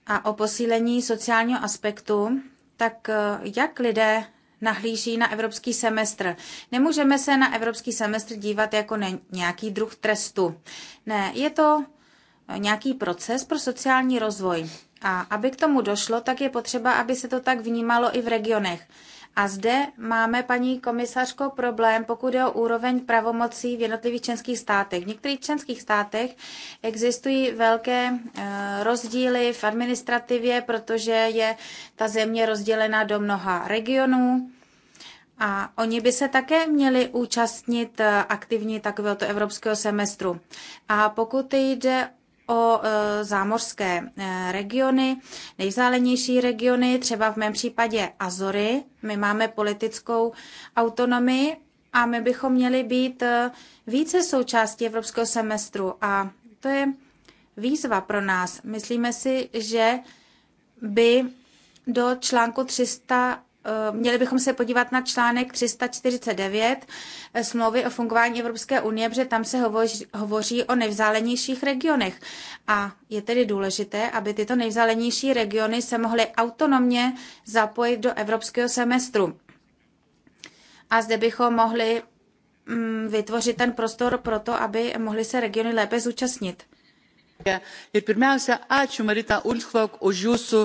a o posílení sociálního aspektu, tak eh, jak lidé nahlíží na evropský semestr. Nemůžeme se na evropský semestr dívat jako ne, nějaký druh trestu. Ne, je to eh, nějaký proces pro sociální rozvoj. A aby k tomu došlo, tak je potřeba, aby se to tak vnímalo i v regionech. A zde máme, paní komisařko, problém, pokud je o úroveň pravomocí v jednotlivých členských státech. V některých členských státech existují velké eh, rozdíly v administrativě, protože je ta země rozdělena do mnoha regionů. A oni by se také měli účastnit eh, aktivně takovéhoto evropského semestru. A pokud jde o e, zámořské e, regiony, nejzálenější regiony, třeba v mém případě Azory. My máme politickou autonomii a my bychom měli být e, více součástí evropského semestru a to je výzva pro nás. Myslíme si, že by do článku 300 Eh, měli bychom se podívat na článek 349 eh, smlouvy o fungování Evropské unie, protože tam se hovoří, hovoří o nejvzálenějších regionech. A je tedy důležité, aby tyto nejvzálenější regiony se mohly autonomně zapojit do evropského semestru. A zde bychom mohli mm, vytvořit ten prostor pro to, aby mohly se regiony lépe zúčastnit. Ir pirmiausia, ačiū Marita Ulfok už jūsų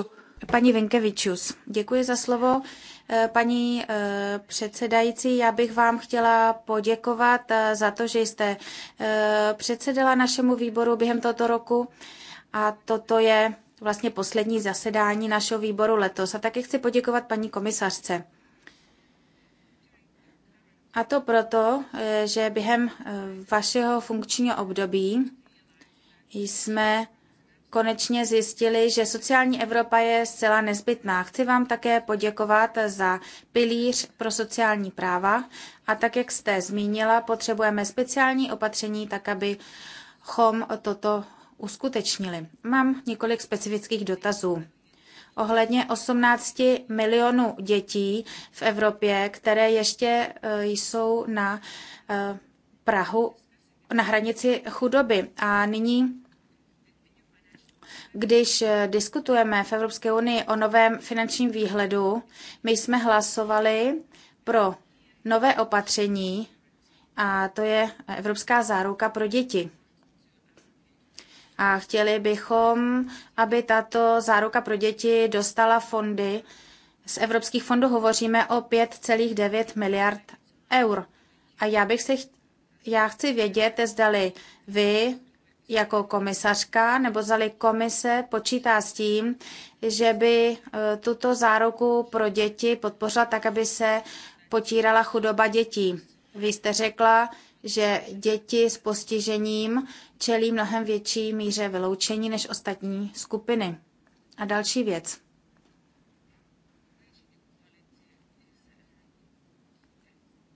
Paní Vinkevičus, děkuji za slovo. Eh, paní eh, předsedající, já bych vám chtěla poděkovat eh, za to, že jste předsedala našemu výboru během tohoto roku a toto je vlastně poslední zasedání našeho výboru letos. A také chci poděkovat paní komisařce. A to proto, že během vašeho funkčního období jsme konečně zjistili, že sociální Evropa je zcela nezbytná. Chci vám také poděkovat za pilíř pro sociální práva a tak, jak jste zmínila, potřebujeme speciální opatření, tak abychom toto uskutečnili. Mám několik specifických dotazů ohledně 18 milionů dětí v Evropě, které ještě e, jsou na e, Prahu, na hranici chudoby. A nyní když eh, diskutujeme v Evropské unii o novém finančním výhledu, my jsme hlasovali pro nové opatření a to je Evropská záruka pro děti. A chtěli bychom, aby tato záruka pro děti dostala fondy. Z evropských fondů hovoříme o 5,9 miliard eur. A já bych se, já chci vědět, zdali vy jako komisařka, nebo zali komise počítá s tím, že by e, tuto záruku pro děti podpořila tak, aby se potírala chudoba dětí. Vy jste řekla, že děti s postižením čelí mnohem větší míře vyloučení než ostatní skupiny. A další věc.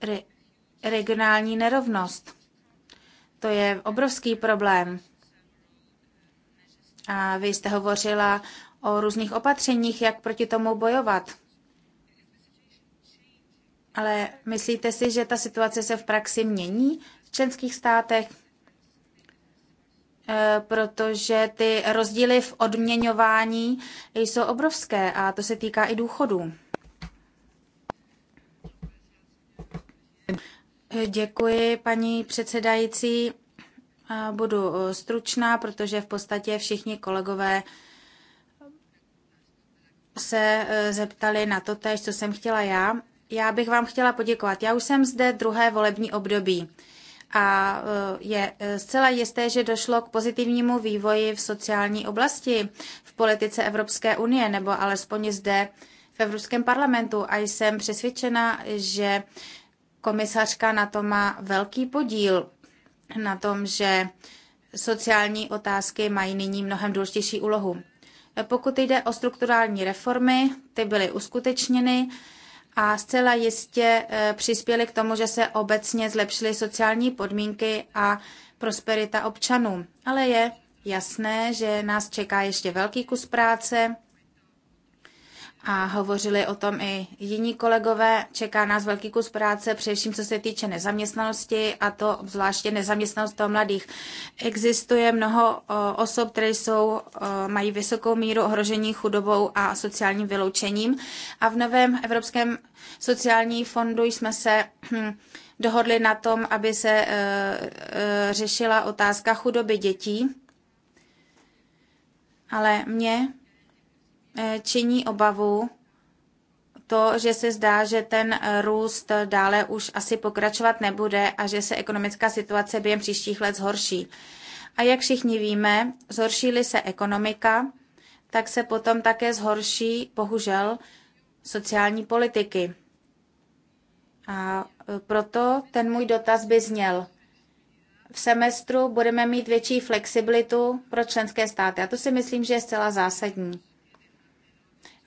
Re- regionální nerovnost. To je obrovský problém. A vy jste hovořila o různých opatřeních, jak proti tomu bojovat. Ale myslíte si, že ta situace se v praxi mění v členských státech? E, protože ty rozdíly v odměňování jsou obrovské a to se týká i důchodů. Děkuji, paní předsedající. Budu uh, stručná, protože v podstatě všichni kolegové se uh, zeptali na to tež, co jsem chtěla já. Já bych vám chtěla poděkovat. Já už jsem zde druhé volební období a uh, je zcela jisté, že došlo k pozitivnímu vývoji v sociální oblasti, v politice Evropské unie, nebo alespoň zde v Evropském parlamentu. A jsem přesvědčena, že komisařka na to má velký podíl, na tom, že sociální otázky mají nyní mnohem důležitější úlohu. Pokud jde o strukturální reformy, ty byly uskutečněny a zcela jistě e, přispěly k tomu, že se obecně zlepšily sociální podmínky a prosperita občanů. Ale je jasné, že nás čeká ještě velký kus práce a hovořili o tom i jiní kolegové. Čeká nás velký kus práce, především co se týče nezaměstnanosti a to zvláště nezaměstnanost toho mladých. Existuje mnoho osob, které jsou, mají vysokou míru ohrožení chudobou a sociálním vyloučením a v novém Evropském sociální fondu jsme se hm, dohodli na tom, aby se e, e, řešila otázka chudoby dětí. Ale mě Eh, činí obavu to, že se zdá, že ten eh, růst dále už asi pokračovat nebude a že se ekonomická situace během příštích let zhorší. A jak všichni víme, zhorší se ekonomika, tak se potom také zhorší, bohužel, sociální politiky. A eh, proto ten můj dotaz by zněl. V semestru budeme mít větší flexibilitu pro členské státy. A to si myslím, že je zcela zásadní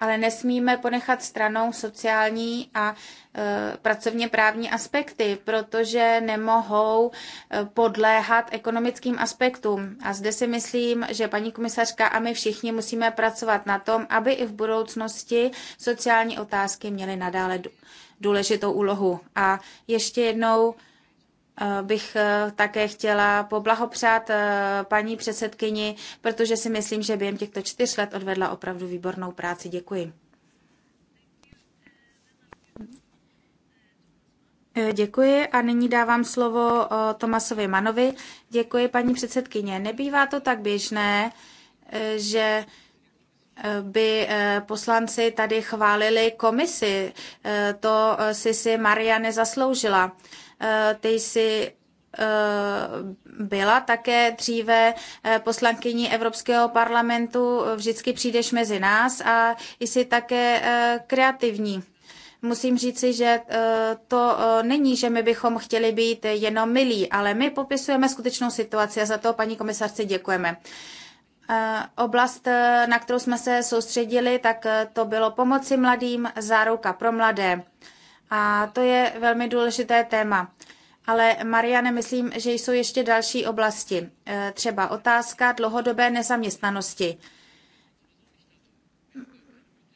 ale nesmíme ponechat stranou sociální a e, pracovně právní aspekty, protože nemohou e, podléhat ekonomickým aspektům. A zde si myslím, že paní komisařka a my všichni musíme pracovat na tom, aby i v budoucnosti sociální otázky měly nadále důležitou úlohu. A ještě jednou Eh, bych eh, také chtěla poblahopřát eh, paní předsedkyni, protože si myslím, že během těchto čtyř let odvedla opravdu výbornou práci. Děkuji. Děkuji a nyní dávám slovo Tomasovi Manovi. Děkuji, paní předsedkyně. Nebývá to tak běžné, že by poslanci tady chválili komisi. To si si Maria nezasloužila. Eh, ty jsi eh, byla také dříve eh, poslankyní Evropského parlamentu, vždycky přijdeš mezi nás a jsi také kreativní. Musím říci, že to není, že my bychom chtěli být jenom milí, ale my popisujeme skutečnou situaci a za to paní komisarce děkujeme. Oblast, na kterou jsme se soustředili, tak to bylo pomoci mladým, záruka pro mladé. A to je velmi důležité téma. Ale Mariane, myslím, že jsou ještě další oblasti. E, třeba otázka dlouhodobé nezaměstnanosti.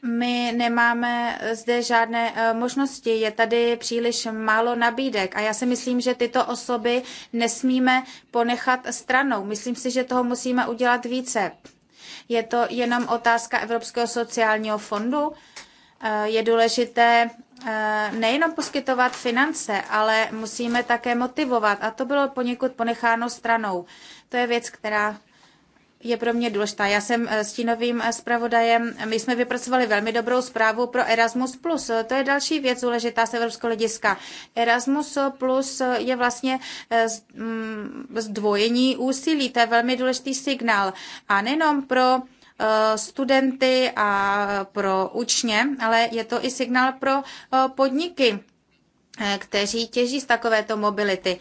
My nemáme zde žádné e, možnosti, je tady příliš málo nabídek a já si myslím, že tyto osoby nesmíme ponechat stranou. Myslím si, že toho musíme udělat více. Je to jenom otázka Evropského sociálního fondu, Eh, je důležité eh, nejenom poskytovat finance, ale musíme také motivovat. A to bylo poněkud ponecháno stranou. To je věc, která je pro mě důležitá. Já jsem eh, s tím zpravodajem, my jsme vypracovali velmi dobrou zprávu pro Erasmus+. To je další věc důležitá z evropského hlediska. Erasmus Plus je vlastně mm, zdvojení úsilí, to je velmi důležitý signál. A nejenom pro Eh, studenty a pro učně, ale je to i signál pro eh, podniky eh, kteří těží z takovéto mobility.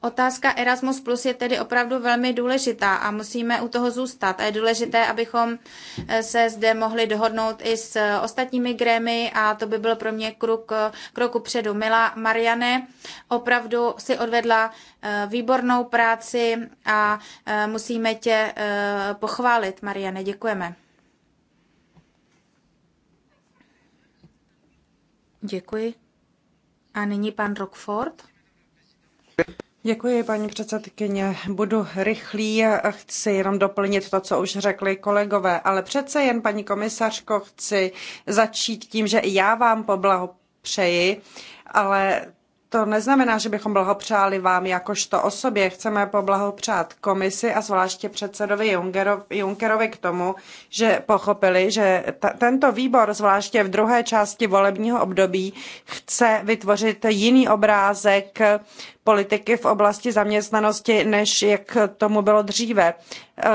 Otázka Erasmus Plus je tedy opravdu velmi důležitá a musíme u toho zůstat. A je důležité, abychom eh, se zde mohli dohodnout i s eh, ostatními grémy a to by byl pro mě eh, krok, kroku předu. Mila Mariane, opravdu si odvedla výbornou práci a musíme tě pochválit, Mariane. Děkujeme. Děkuji. A nyní pan Rockford. Děkuji, paní předsedkyně. Budu rychlý a chci jenom doplnit to, co už řekli kolegové, ale přece jen, paní komisařko, chci začít tím, že i já vám poblahopřeji, ale to neznamená, že bychom blahopřáli vám jakožto osobě. Chceme poblahopřát komisi a zvláště předsedovi Junckerovi k tomu, že pochopili, že tento výbor, zvláště v druhé části volebního období, chce vytvořit jiný obrázek politiky v oblasti zaměstnanosti, než jak tomu bylo dříve. Eh,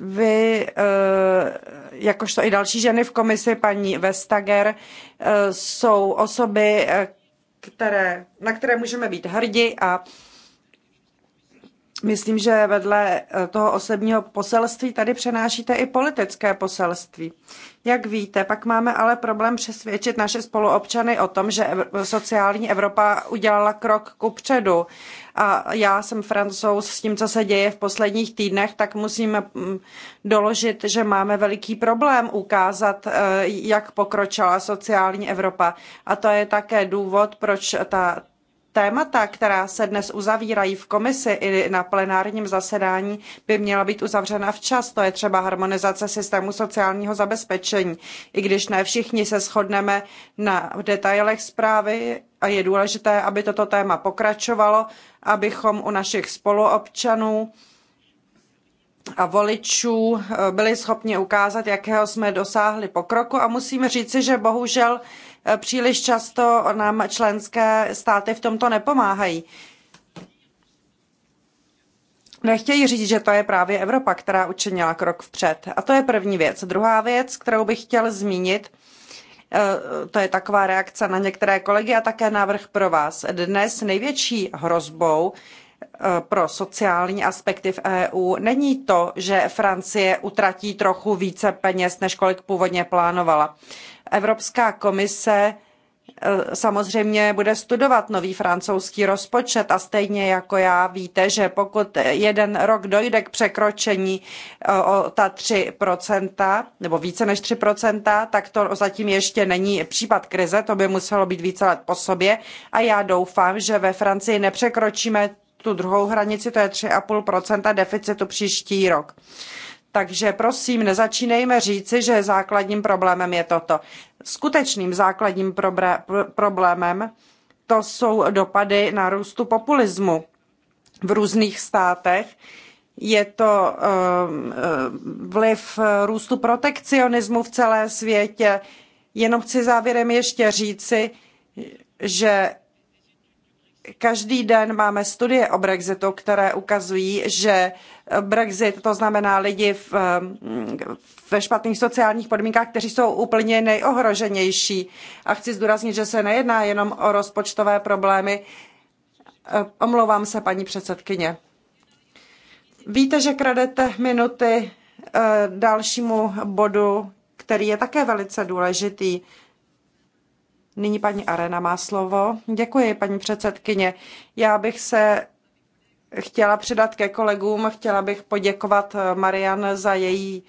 vy, eh, jakožto i další ženy v komisi, paní Vestager, eh, jsou osoby, které, na které můžeme být hrdi a myslím, že vedle eh, toho osobního poselství tady přenášíte i politické poselství. Jak víte, pak máme ale problém přesvědčit naše spoluobčany o tom, že sociální Evropa udělala krok ku předu, a já jsem francouz s tím, co se děje v posledních týdnech, tak musím mm, doložit, že máme veliký problém ukázat, eh, jak pokročila sociální Evropa. A to je také důvod, proč ta témata, která se dnes uzavírají v komisi i na plenárním zasedání, by měla být uzavřena včas. To je třeba harmonizace systému sociálního zabezpečení. I když ne všichni se shodneme na detailech zprávy, a je důležité, aby toto téma pokračovalo, abychom u našich spoluobčanů a voličů eh, byli schopni ukázat, jakého jsme dosáhli pokroku a musím říci, že bohužel Eh, příliš často nám členské státy v tomto nepomáhají. Nechtějí říct, že to je právě Evropa, která učinila krok vpřed. A to je první věc. Druhá věc, kterou bych chtěl zmínit, eh, to je taková reakce na některé kolegy a také návrh pro vás. Dnes největší hrozbou eh, pro sociální aspekty v EU není to, že Francie utratí trochu více peněz, než kolik původně plánovala. Evropská komise eh, samozřejmě bude studovat nový francouzský rozpočet a stejně jako já víte, že pokud jeden rok dojde k překročení eh, o ta 3% nebo více než 3%, tak to zatím ještě není případ krize, to by muselo být více let po sobě a já doufám, že ve Francii nepřekročíme tu druhou hranici, to je 3,5% deficitu příští rok. Takže prosím, nezačínejme říci, že základním problémem je toto. Skutečným základním problémem to jsou dopady na růstu populismu v různých státech. Je to ehm, ehm, vliv růstu protekcionismu v celé světě. Jenom chci závěrem ještě říci, že Každý den máme studie o Brexitu, které ukazují, že Brexit, to znamená lidi v, ve špatných sociálních podmínkách, kteří jsou úplně nejohroženější. A chci zdůraznit, že se nejedná jenom o rozpočtové problémy. Omlouvám se, paní předsedkyně. Víte, že kradete minuty eh, dalšímu bodu, který je také velice důležitý. Nyní paní Arena má slovo. Děkuji, paní předsedkyně. Já bych se chtěla přidat ke kolegům, chtěla bych poděkovat eh, Marian za její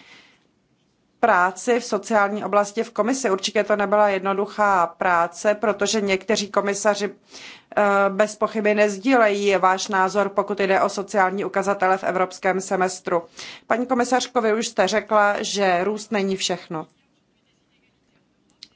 práci v sociální oblasti v komisi. Určitě to nebyla jednoduchá práce, protože někteří komisaři eh, bez pochyby nezdílejí váš názor, pokud jde o sociální ukazatele v evropském semestru. Paní komisařko, vy už jste řekla, že růst není všechno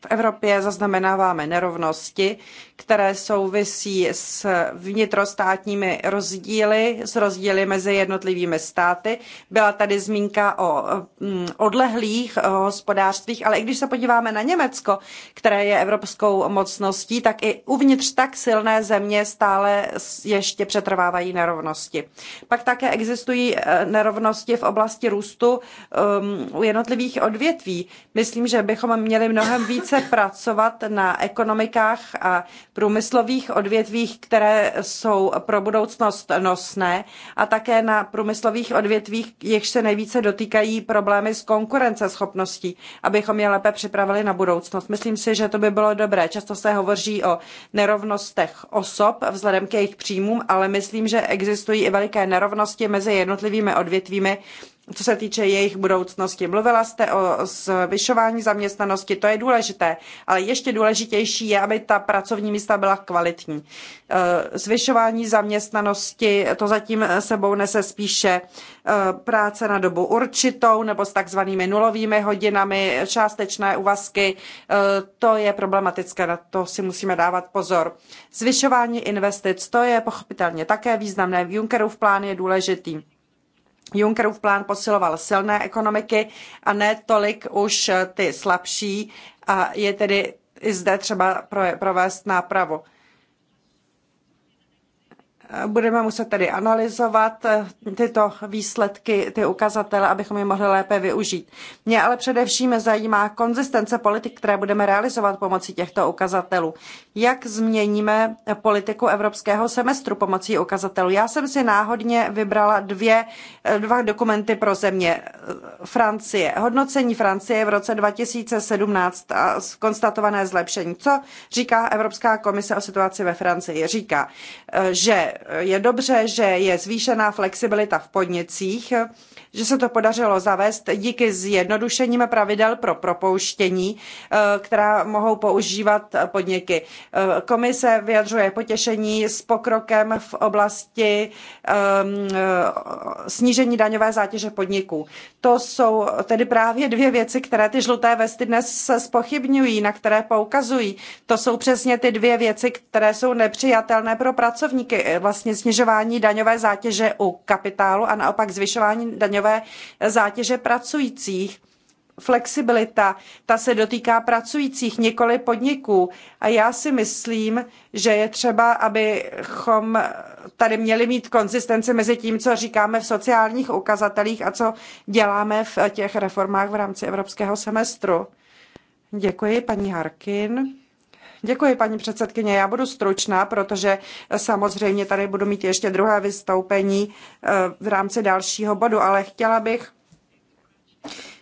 v Evropě zaznamenáváme nerovnosti, které souvisí s vnitrostátními rozdíly, s rozdíly mezi jednotlivými státy. Byla tady zmínka o mm, odlehlých eh, hospodářstvích, ale i když se podíváme na Německo, které je evropskou mocností, tak i uvnitř tak silné země stále ještě přetrvávají nerovnosti. Pak také existují eh, nerovnosti v oblasti růstu ehm, u jednotlivých odvětví. Myslím, že bychom měli mnohem více pracovat na ekonomikách a průmyslových odvětvích, které jsou pro budoucnost nosné a také na průmyslových odvětvích, jež se nejvíce dotýkají problémy s konkurenceschopností, abychom je lépe připravili na budoucnost. Myslím si, že to by bylo dobré. Často se hovoří o nerovnostech osob vzhledem k jejich příjmům, ale myslím, že existují i veliké nerovnosti mezi jednotlivými odvětvími, co se týče jejich budoucnosti. Mluvila jste o zvyšování zaměstnanosti, to je důležité, ale ještě důležitější je, aby ta pracovní místa byla kvalitní. E, zvyšování zaměstnanosti, to zatím sebou nese spíše e, práce na dobu určitou nebo s takzvanými nulovými hodinami, částečné úvazky, e, to je problematické, na to si musíme dávat pozor. Zvyšování investic, to je pochopitelně také významné, v Junckerův plán je důležitý Junckerův plán posiloval silné ekonomiky a ne tolik už ty slabší a je tedy i zde třeba provést nápravu budeme muset tedy analyzovat eh, tyto výsledky, ty ukazatele, abychom je mohli lépe využít. Mě ale především zajímá konzistence politik, které budeme realizovat pomocí těchto ukazatelů. Jak změníme politiku evropského semestru pomocí ukazatelů? Já jsem si náhodně vybrala dvě, eh, dva dokumenty pro země eh, Francie. Hodnocení Francie v roce 2017 a konstatované zlepšení. Co říká Evropská komise o situaci ve Francii? Říká, že je dobře, že je zvýšená flexibilita v podnicích, že se to podařilo zavést díky zjednodušením pravidel pro propouštění, eh, která mohou používat podniky. Eh, komise vyjadřuje potěšení s pokrokem v oblasti ehm, eh, snížení daňové zátěže podniků. To jsou tedy právě dvě věci, které ty žluté vesty dnes spochybňují, na které poukazují. To jsou přesně ty dvě věci, které jsou nepřijatelné pro pracovníky. Vlastně snižování daňové zátěže u kapitálu a naopak zvyšování daňové časové zátěže pracujících. Flexibilita, ta se dotýká pracujících, nikoli podniků. A já si myslím, že je třeba, abychom tady měli mít konzistenci mezi tím, co říkáme v sociálních ukazatelích a co děláme v těch reformách v rámci evropského semestru. Děkuji, paní Harkin. Děkuji, paní předsedkyně. Já budu stručná, protože samozřejmě tady budu mít ještě druhé vystoupení eh, v rámci dalšího bodu, ale chtěla bych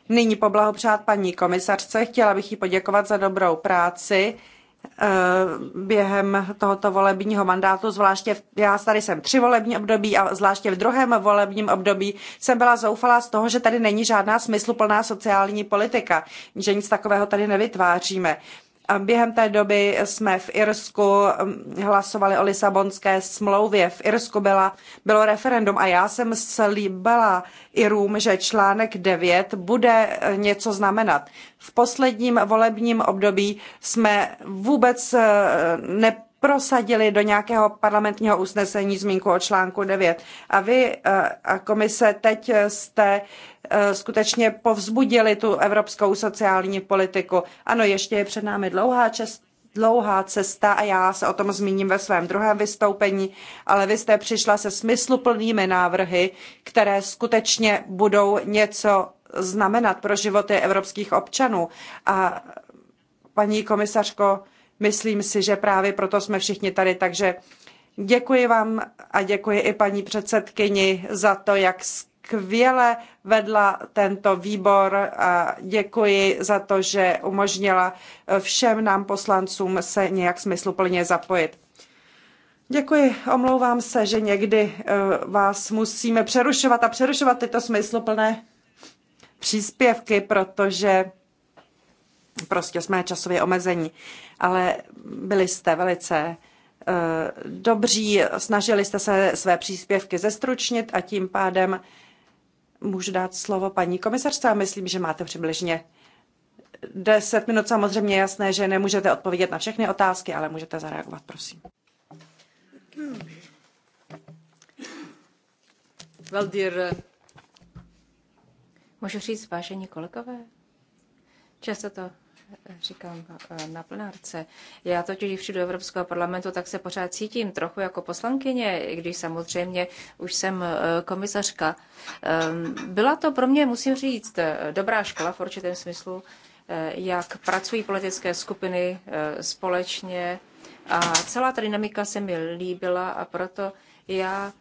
nyní poblahopřát paní komisařce. Chtěla bych jí poděkovat za dobrou práci eh, během tohoto volebního mandátu, zvláště v, já tady jsem tři volební období a zvláště v druhém volebním období jsem byla zoufalá z toho, že tady není žádná smysluplná sociální politika, že nic takového tady nevytváříme během té doby jsme v Irsku mm, hlasovali o Lisabonské smlouvě. V Irsku byla, bylo referendum a já jsem slíbila Irům, že článek 9 bude eh, něco znamenat. V posledním volebním období jsme vůbec eh, ne, prosadili do nějakého parlamentního usnesení zmínku o článku 9. A vy eh, a komise teď jste eh, skutečně povzbudili tu evropskou sociální politiku. Ano, ještě je před námi dlouhá čest, dlouhá cesta a já se o tom zmíním ve svém druhém vystoupení, ale vy jste přišla se smysluplnými návrhy, které skutečně budou něco znamenat pro životy evropských občanů. A paní komisařko, Myslím si, že právě proto jsme všichni tady, takže děkuji vám a děkuji i paní předsedkyni za to, jak skvěle vedla tento výbor a děkuji za to, že umožnila všem nám poslancům se nějak smysluplně zapojit. Děkuji, omlouvám se, že někdy eh, vás musíme přerušovat a přerušovat tyto smysluplné příspěvky, protože Prostě jsme časově omezení. Ale byli jste velice eh, dobří, snažili jste se své příspěvky zestručnit a tím pádem můžu dát slovo paní komisařce a myslím, že máte přibližně 10 minut. Samozřejmě jasné, že nemůžete odpovědět na všechny otázky, ale můžete zareagovat, prosím. Well, dear. Eh, můžu říct, vážení kolegové? Často to říkám eh, na plenárce. Já totiž, když přijdu do Evropského parlamentu, tak se pořád cítím trochu jako poslankyně, i když samozřejmě už jsem eh, komisařka. Ehm, byla to pro mě, musím říct, eh, dobrá škola v určitém smyslu, jak pracují politické skupiny společně. A celá ta dynamika se mi líbila a proto já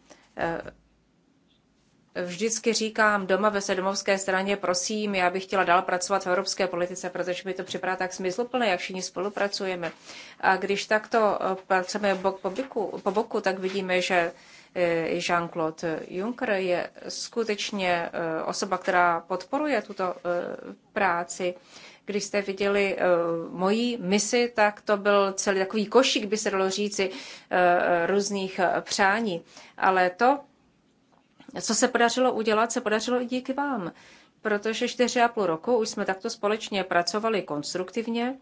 vždycky říkám doma ve sedmovské straně, prosím, já bych chtěla dál pracovat v evropské politice, protože mi to připadá tak smysluplné, jak všichni spolupracujeme. A když takto eh, pracujeme bok po boku, po boku tak vidíme, že eh, Jean-Claude Juncker je skutečně eh, osoba, která podporuje tuto práci. Když jste viděli moji misi, tak to byl celý takový košík, by se dalo říci, různých přání. Ale to, co se podařilo udělat, se podařilo i díky vám, protože a půl roku už jsme takto společně pracovali konstruktivně.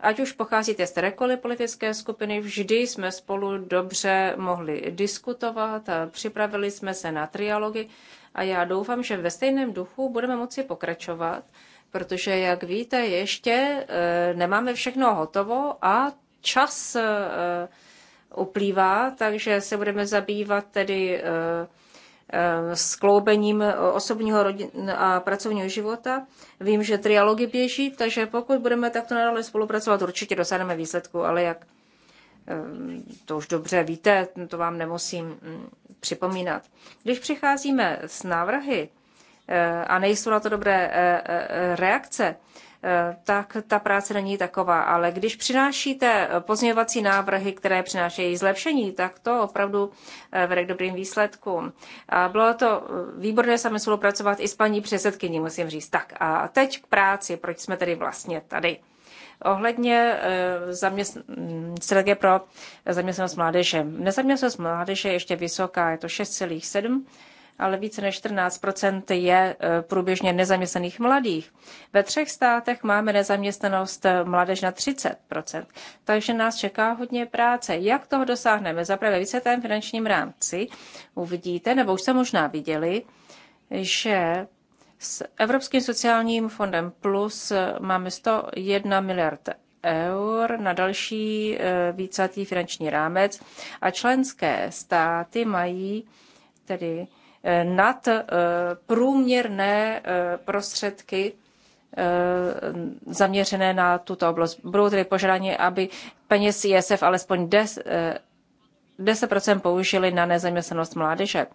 Ať už pocházíte z kterékoliv politické skupiny, vždy jsme spolu dobře mohli diskutovat a připravili jsme se na trialogy a já doufám, že ve stejném duchu budeme moci pokračovat, protože, jak víte, ještě eh, nemáme všechno hotovo a čas eh, uplývá, takže se budeme zabývat tedy eh, Eh, skloubením osobního a pracovního života. Vím, že trialogy běží, takže pokud budeme takto nadále spolupracovat, určitě dosáhneme výsledku, ale jak eh, to už dobře víte, to vám nemusím mm, připomínat. Když přicházíme s návrhy eh, a nejsou na to dobré reakce, Eh, tak ta práce není taková. Ale když přinášíte eh, pozměňovací návrhy, které přinášejí zlepšení, tak to opravdu eh, vede k dobrým výsledkům. A bylo to výborné sami spolupracovat i s paní předsedkyní, musím říct. Tak a teď k práci, proč jsme tedy vlastně tady. Ohledně zaměst... Mm, strategie pro zaměstnanost mládeže. Nezaměstnanost mládeže je ještě vysoká, je to 6,7 ale více než 14 je eh, průběžně nezaměstnaných mladých. Ve třech státech máme nezaměstnanost eh, mladež na 30 takže nás čeká hodně práce. Jak toho dosáhneme? Zaprvé více tém finančním rámci uvidíte, nebo už jste možná viděli, že s Evropským sociálním fondem Plus eh, máme 101 miliard eur na další vícatý finanční rámec a členské státy mají tedy Eh, nad eh, průměrné eh, prostředky zaměřené na tuto oblast. Budou tedy požádáni, aby peněz ISF alespoň 10% použili na nezaměstnanost mládeže.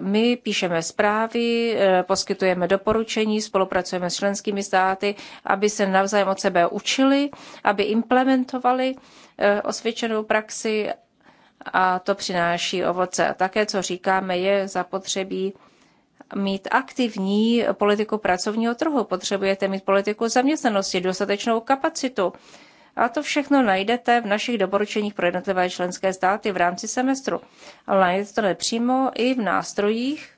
My píšeme zprávy, poskytujeme doporučení, spolupracujeme s členskými státy, aby se navzájem od sebe učili, aby implementovali osvědčenou praxi a to přináší ovoce. A také, co říkáme, je zapotřebí mít aktivní politiku pracovního trhu. Potřebujete mít politiku zaměstnanosti, dostatečnou kapacitu. A to všechno najdete v našich doporučeních pro jednotlivé členské státy v rámci semestru. Ale najdete to nepřímo i v nástrojích,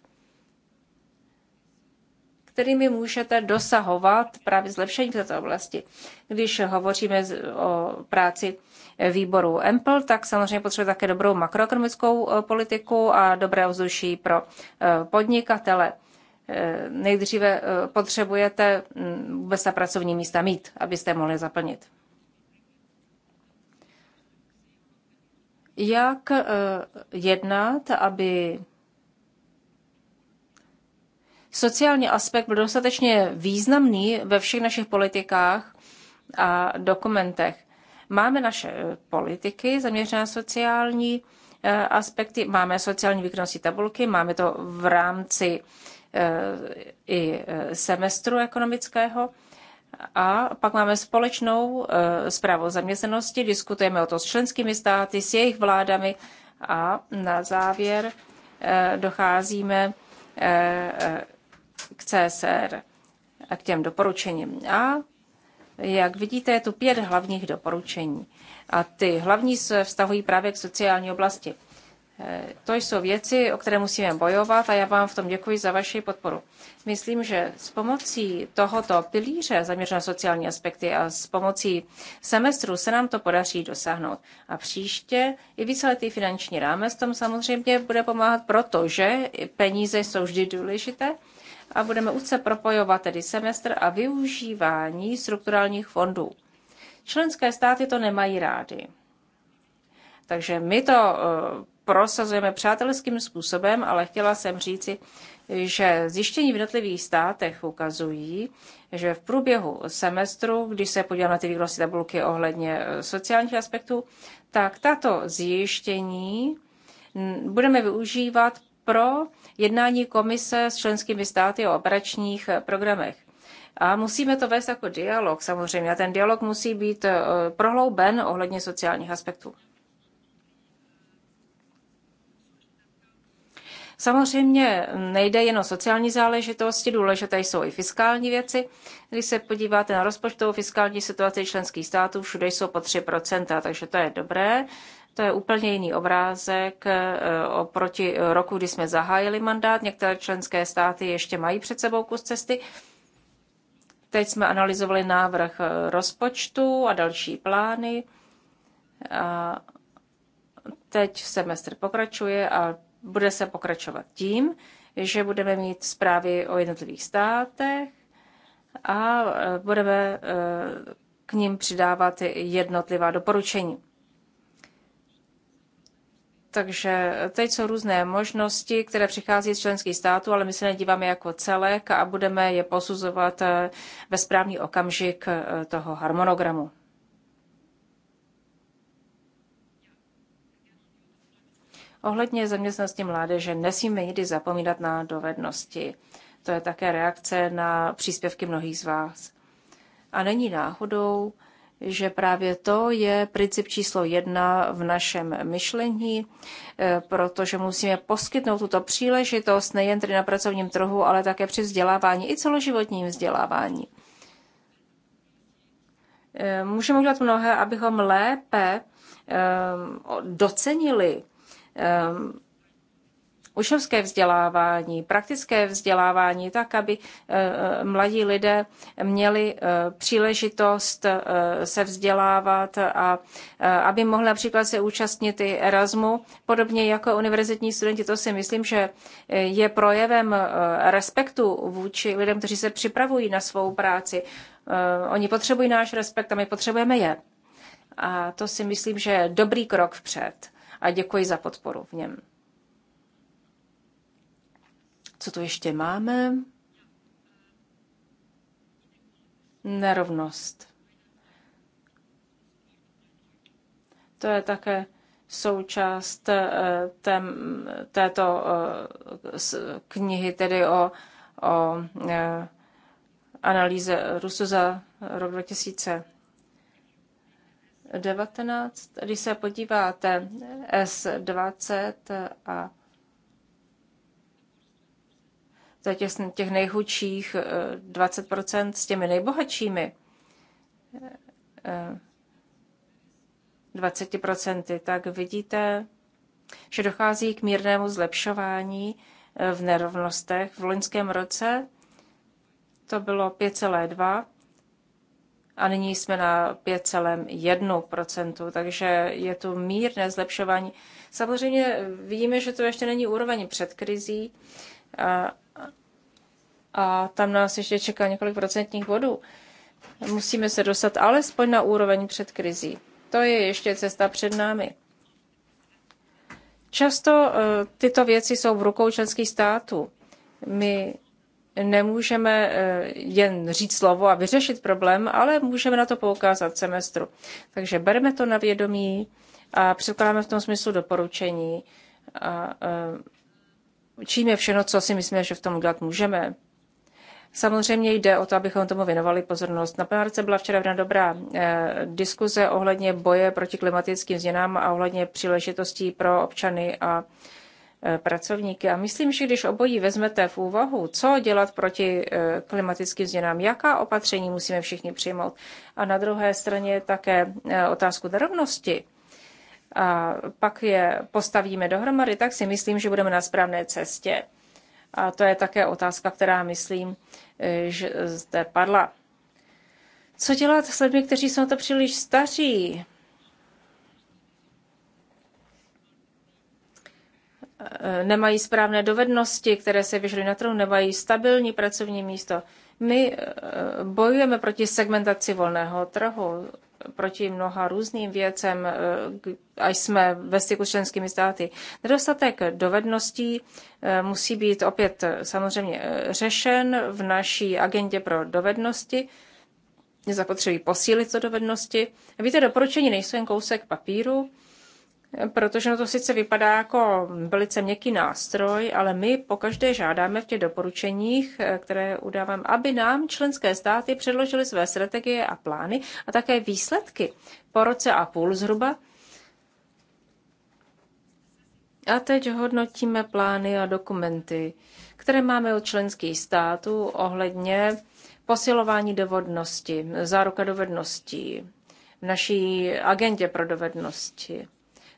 kterými můžete dosahovat právě zlepšení v této oblasti. Když hovoříme o práci výboru EMPL, tak samozřejmě potřebuje také dobrou makroekonomickou e, politiku a dobré ovzduší pro e, podnikatele. E, nejdříve potřebujete vůbec ta pracovní místa mít, abyste je mohli zaplnit. Jak jednat, aby sociální aspekt byl dostatečně významný ve všech našich politikách a dokumentech. Máme naše eh, politiky zaměřené na sociální eh, aspekty, máme sociální výkonnosti tabulky, máme to v rámci eh, i semestru ekonomického. A pak máme společnou zprávu zaměstnanosti, diskutujeme o to s členskými státy, s jejich vládami a na závěr docházíme k CSR a k těm doporučením. A jak vidíte, je tu pět hlavních doporučení. A ty hlavní se vztahují právě k sociální oblasti. Eh, to jsou věci, o které musíme bojovat a já vám v tom děkuji za vaši podporu. Myslím, že s pomocí tohoto pilíře zaměřeného sociální aspekty a s pomocí semestru se nám to podaří dosáhnout. A příště i víceletý finanční rámec tom samozřejmě bude pomáhat, protože peníze jsou vždy důležité a budeme úzce propojovat tedy semestr a využívání strukturálních fondů. Členské státy to nemají rády. Takže my to eh, prosazujeme přátelským způsobem, ale chtěla jsem říci, že zjištění v jednotlivých státech ukazují, že v průběhu semestru, když se podíváme na ty výkonnostní tabulky ohledně eh, sociálních aspektů, tak tato zjištění budeme využívat pro jednání komise s členskými státy o operačních eh, programech. A musíme to vést jako dialog samozřejmě. A ten dialog musí být eh, prohlouben ohledně sociálních aspektů. Samozřejmě nejde jen o sociální záležitosti, důležité jsou i fiskální věci. Když se podíváte na rozpočtovou fiskální situaci členských států, všude jsou po 3%, takže to je dobré. To je úplně jiný obrázek eh, oproti roku, kdy jsme zahájili mandát. Některé členské státy ještě mají před sebou kus cesty. Teď jsme analyzovali návrh eh, rozpočtu a další plány. A teď semestr pokračuje a bude se pokračovat tím, že budeme mít zprávy o jednotlivých státech a eh, budeme k ním přidávat jednotlivá doporučení. Takže teď jsou různé možnosti, které přichází z členských států, ale my se nedíváme jako celek a budeme je posuzovat eh, ve správný okamžik eh, toho harmonogramu. Ohledně zaměstnanosti mládeže nesmíme nikdy zapomínat na dovednosti. To je také reakce na příspěvky mnohých z vás. A není náhodou, že právě to je princip číslo jedna v našem myšlení, eh, protože musíme poskytnout tuto příležitost nejen tedy na pracovním trhu, ale také při vzdělávání i celoživotním vzdělávání. Eh, můžeme udělat mnohé, abychom lépe eh, docenili učňovské vzdělávání, praktické vzdělávání, tak, aby eh, eh, mladí lidé měli eh, příležitost se vzdělávat a aby mohli například se účastnit i Erasmu, podobně jako univerzitní studenti. To si myslím, že je projevem respektu vůči lidem, kteří se připravují na svou práci. Oni potřebují náš respekt a my potřebujeme je. A to si myslím, že je dobrý krok vpřed. A děkuji za podporu v něm. Co tu ještě máme? Nerovnost. To je také součást eh, té, této eh, knihy, tedy o, o eh, analýze Rusu za rok 2019. Když se podíváte S20 a za těch, těch nejchudších 20% eh, s těmi nejbohatšími 20%, eh, tak vidíte, že dochází k mírnému zlepšování eh, v nerovnostech. V loňském roce to bylo 5,2 a nyní jsme na 5,1%, takže je to mírné zlepšování. Samozřejmě vidíme, že to ještě není úroveň před krizí, a tam nás ještě čeká několik procentních bodů. Musíme se dostat alespoň na úroveň před krizí. To je ještě cesta před námi. Často eh, tyto věci jsou v rukou členských států. My nemůžeme eh, jen říct slovo a vyřešit problém, ale můžeme na to poukázat semestru. Takže bereme to na vědomí a předkládáme v tom smyslu doporučení. A, a eh, čím je všechno, co si myslíme, že v tom udělat můžeme. Samozřejmě jde o to, abychom tomu věnovali pozornost. Na plenárce byla včera jedna dobrá eh, diskuze ohledně boje proti klimatickým změnám a ohledně příležitostí pro občany a eh, pracovníky. A myslím, že když obojí vezmete v úvahu, co dělat proti eh, klimatickým změnám, jaká opatření musíme všichni přijmout. A na druhé straně také otázku nerovnosti. A pak je postavíme dohromady, tak si myslím, že budeme na správné cestě. A to je také otázka, která myslím, eh, že zde padla. Co dělat s lidmi, kteří jsou na to příliš staří? Eh, nemají správné dovednosti, které se vyžily na trhu, nemají stabilní pracovní místo. My eh, bojujeme proti segmentaci volného trhu proti mnoha různým věcem, eh, a jsme ve styku s členskými státy. Nedostatek dovedností eh, musí být opět eh, samozřejmě řešen v naší agendě pro dovednosti. Zapotřebí posílit to dovednosti. Víte, doporučení nejsou jen kousek papíru, protože no to sice vypadá jako velice měkký nástroj, ale my pokaždé žádáme v těch doporučeních, eh, které udávám, aby nám členské státy předložily své strategie a plány a také výsledky po roce a půl zhruba. A teď hodnotíme plány a dokumenty, které máme od členských států ohledně posilování dovednosti, záruka dovedností, v naší agendě pro dovednosti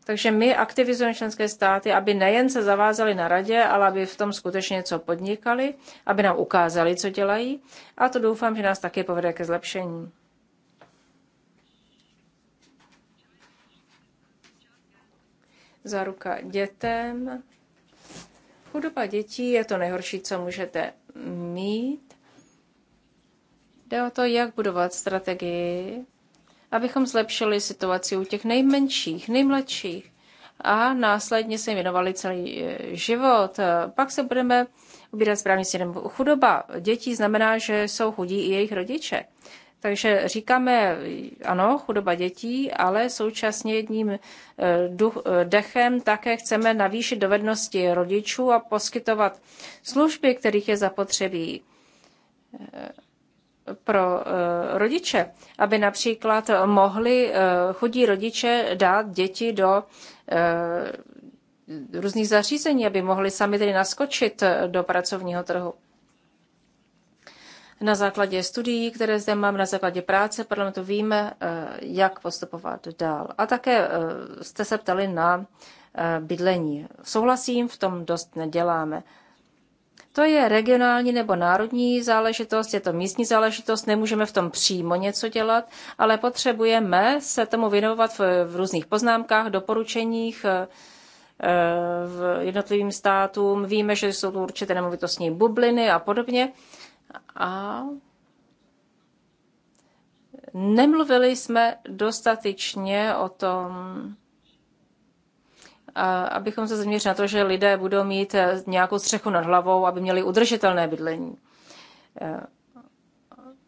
takže my aktivizujeme členské státy, aby nejen se zavázali na radě, ale aby v tom skutečně něco podnikali, aby nám ukázali, co dělají. A to doufám, že nás také povede ke zlepšení. Záruka dětem. Chudoba dětí je to nejhorší, co můžete mít. Jde o to, jak budovat strategii abychom zlepšili situaci u těch nejmenších, nejmladších a následně se jim věnovali celý e, život. E, pak se budeme ubírat správně směrem. Chudoba dětí znamená, že jsou chudí i jejich rodiče. Takže říkáme, ano, chudoba dětí, ale současně jedním e, duch, dechem také chceme navýšit dovednosti rodičů a poskytovat služby, kterých je zapotřebí pro eh, rodiče, aby například mohli eh, chodí rodiče dát děti do eh, různých zařízení, aby mohli sami tedy naskočit do pracovního trhu. Na základě studií, které zde mám, na základě práce parlamentu víme, jak postupovat dál. A také jste se ptali na bydlení. Souhlasím, v tom dost neděláme. To je regionální nebo národní záležitost, je to místní záležitost, nemůžeme v tom přímo něco dělat, ale potřebujeme se tomu věnovat v, v různých poznámkách, doporučeních eh, v jednotlivým státům. Víme, že jsou tu určité nemovitostní bubliny a podobně. A nemluvili jsme dostatečně o tom, abychom se zaměřili na to, že lidé budou mít eh, nějakou střechu nad hlavou, aby měli udržitelné bydlení. Eh,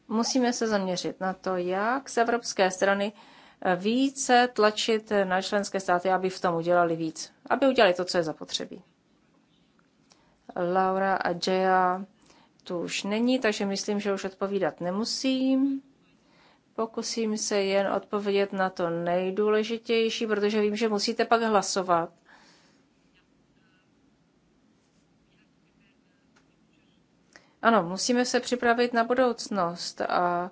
musíme se zaměřit na to, jak z evropské strany eh, více tlačit na členské státy, aby v tom udělali víc, aby udělali to, co je zapotřebí. Laura a Jaya tu už není, takže myslím, že už odpovídat nemusím. Pokusím se jen odpovědět na to nejdůležitější, protože vím, že musíte pak hlasovat. Ano, musíme se připravit na budoucnost a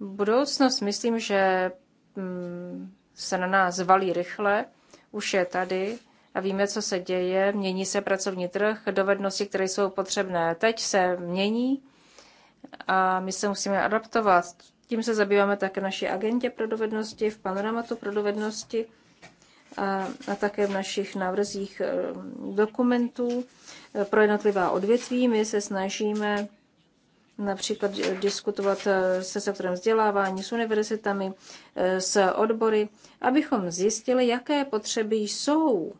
budoucnost myslím, že mm, se na nás valí rychle, už je tady a víme, co se děje, mění se pracovní trh, dovednosti, které jsou potřebné teď, se mění a my se musíme adaptovat. Tím se zabýváme také naší agentě pro dovednosti, v panoramatu pro dovednosti a, a také v našich návrzích eh, dokumentů pro jednotlivá odvětví. My se snažíme například diskutovat eh, se sektorem vzdělávání, s univerzitami, eh, s odbory, abychom zjistili, jaké potřeby jsou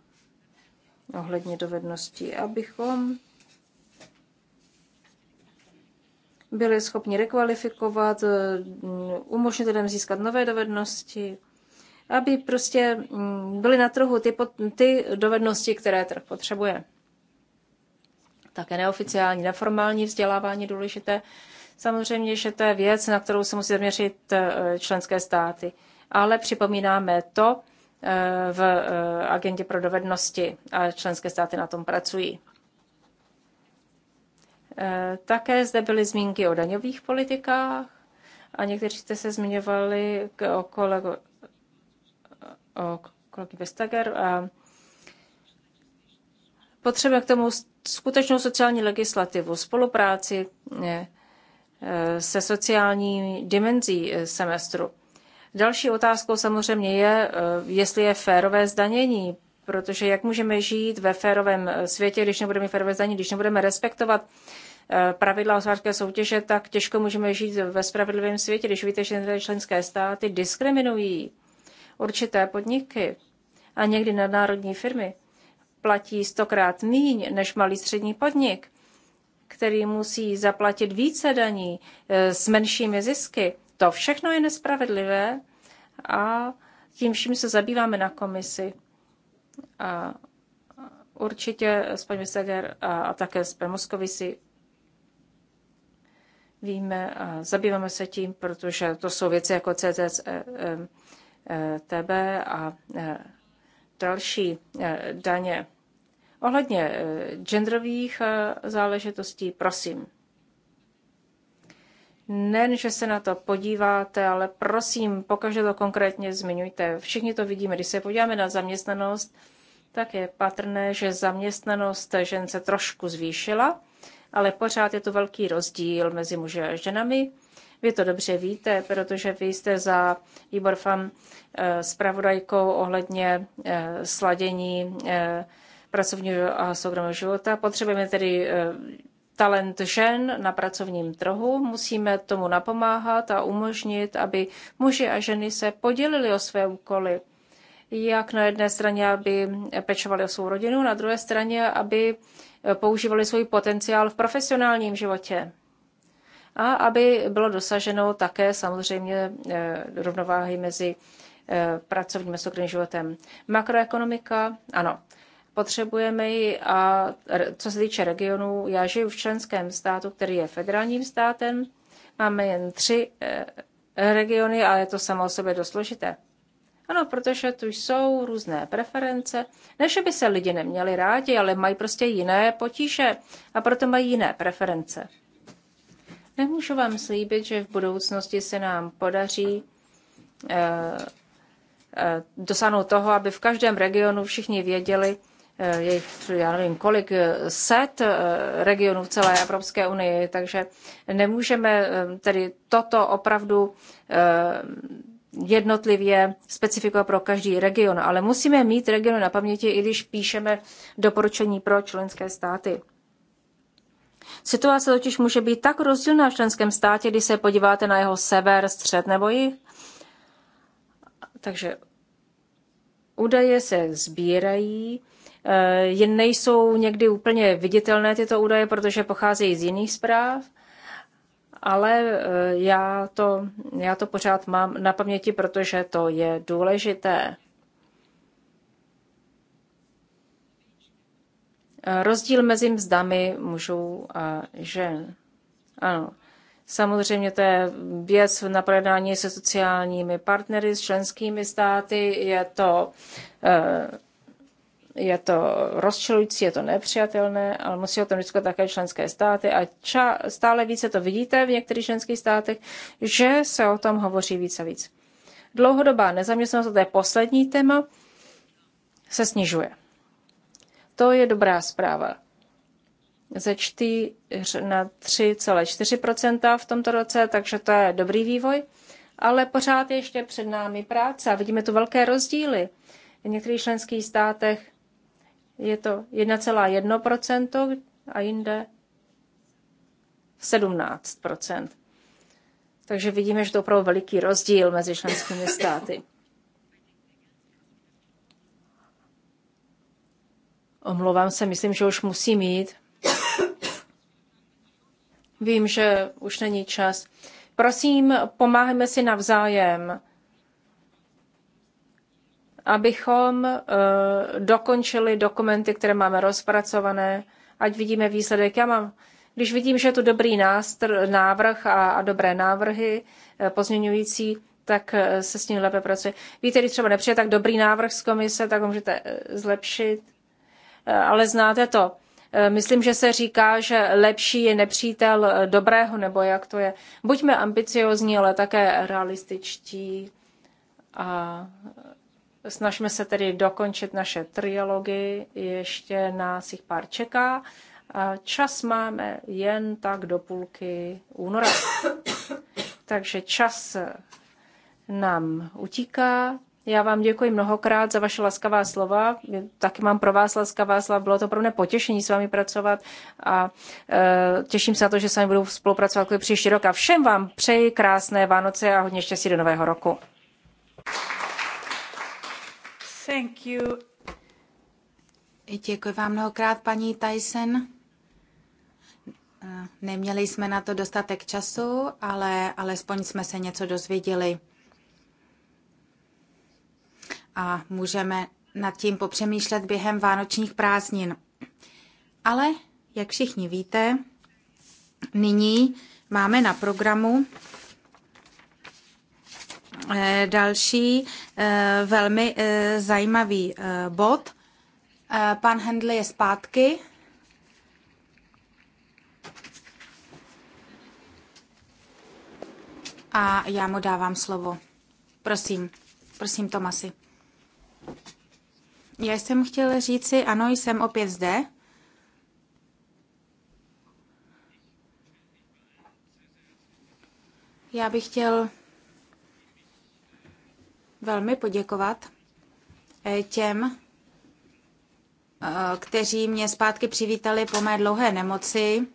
ohledně dovedností, abychom byli schopni rekvalifikovat, eh, umožnit lidem získat nové dovednosti, aby prostě mm, byly na trhu ty, ty dovednosti, které trh potřebuje také neoficiální, neformální vzdělávání důležité. Samozřejmě, že to je věc, na kterou se musí zaměřit e, členské státy. Ale připomínáme to e, v e, agendě pro dovednosti a členské státy na tom pracují. Také zde byly zmínky o daňových politikách a někteří jste se zmiňovali o kolego, o kolegy Vestager. Potřebujeme k tomu skutečnou sociální legislativu, spolupráci eh, eh, se sociální dimenzí eh, semestru. Další otázkou samozřejmě je, jestli je férové zdanění, protože jak můžeme žít ve férovém světě, když nebudeme férové zdanění, když nebudeme respektovat pravidla hospodářské soutěže, tak těžko můžeme žít ve spravedlivém světě, když víte, že členské státy diskriminují určité podniky a někdy nadnárodní firmy platí stokrát míň než malý střední podnik, který musí zaplatit více daní eh, s menšími zisky. To všechno je nespravedlivé a tím vším se zabýváme na komisi. A určitě s paní Seger a, a také s panem si víme a zabýváme se tím, protože to jsou věci jako CCC, TB e e a e, další daně. Ohledně eh, genderových eh, záležitostí, prosím. Nen, že se na to podíváte, ale prosím, pokaždé to konkrétně zmiňujte. Všichni to vidíme. Když se podíváme na zaměstnanost, tak je patrné, že zaměstnanost žen se trošku zvýšila, ale pořád je to velký rozdíl mezi muži a ženami. Vy to dobře víte, protože vy jste za výbor fan spravodajkou eh, ohledně sladění pracovního a soukromého života. Potřebujeme tedy eh, talent žen na pracovním trhu. Musíme tomu napomáhat a umožnit, aby muži a ženy se podělili o své úkoly. Jak na jedné straně, aby pečovali o svou rodinu, na druhé straně, aby eh, používali svůj potenciál v profesionálním životě. A aby bylo dosaženo také samozřejmě eh, rovnováhy mezi pracovním a soukromým životem. Makroekonomika, ano, Potřebujeme ji a co se týče regionu, já žiju v členském státu, který je federálním státem. Máme jen tři eh, regiony, ale je to samo o sobě dosložité. Ano, protože tu jsou různé preference. Ne, že by se lidi neměli rádi, ale mají prostě jiné potíže a proto mají jiné preference. Nemůžu vám slíbit, že v budoucnosti se nám podaří eh, eh, dosáhnout toho, aby v každém regionu všichni věděli, Eh, je jich, já nevím, kolik eh, set eh, regionů v celé Evropské unii, takže nemůžeme tedy toto opravdu jednotlivě specifikovat pro každý region, ale musíme mít region na paměti, i když píšeme doporučení pro členské státy. Situace totiž může být tak rozdílná v členském státě, když se podíváte na jeho sever, střed nebo jih. Takže údaje se sbírají, Eh, je, nejsou někdy úplně viditelné tyto údaje, protože pocházejí z jiných zpráv, ale eh, já to, já to pořád mám na paměti, protože to je důležité. Eh, rozdíl mezi mzdami mužů a žen. Ano. Samozřejmě to je věc na projednání se sociálními partnery, s členskými státy, je to je to rozčilující, je to nepřijatelné, ale musí o tom diskutovat také členské státy a ča, stále více to vidíte v některých členských státech, že se o tom hovoří více a víc. Dlouhodobá nezaměstnanost, to je poslední téma, se snižuje. To je dobrá zpráva ze 4 na 3,4 v tomto roce, takže to je dobrý vývoj, ale pořád ještě před námi práce a vidíme tu velké rozdíly. V některých členských státech je to 1,1% a jinde 17%. Takže vidíme, že to je opravdu veliký rozdíl mezi členskými státy. Omlouvám se, myslím, že už musím jít. Vím, že už není čas. Prosím, pomáhejme si navzájem abychom eh, dokončili dokumenty, které máme rozpracované, ať vidíme výsledek. Já mám, když vidím, že je to dobrý nástr, návrh a, a dobré návrhy eh, pozměňující, tak eh, se s ním lépe pracuje. Víte, když třeba nepřijde tak dobrý návrh z komise, tak ho můžete zlepšit. Ale znáte to. Myslím, že se říká, že lepší je nepřítel dobrého, nebo jak to je. Buďme ambiciozní, ale také realističtí a Snažíme se tedy dokončit naše trialogy, ještě nás jich pár čeká. A čas máme jen tak do půlky února. Takže čas nám utíká. Já vám děkuji mnohokrát za vaše laskavá slova. Taky mám pro vás laskavá slova. Bylo to pro mě potěšení s vámi pracovat a e, těším se na to, že s vámi budu spolupracovat jako příští rok. A všem vám přeji krásné Vánoce a hodně štěstí do nového roku. Thank you. Děkuji vám mnohokrát, paní Tyson. Neměli jsme na to dostatek času, ale alespoň jsme se něco dozvěděli. A můžeme nad tím popřemýšlet během vánočních prázdnin. Ale, jak všichni víte, nyní máme na programu Eh, další eh, velmi eh, zajímavý bod. Pan Hendl je zpátky. A já mu dávám slovo. Prosím, prosím Tomasi. Já jsem chtěl říci, ano, jsem opět zde. Já bych chtěl velmi poděkovat eh, těm, eh, kteří mě zpátky přivítali po mé dlouhé nemoci.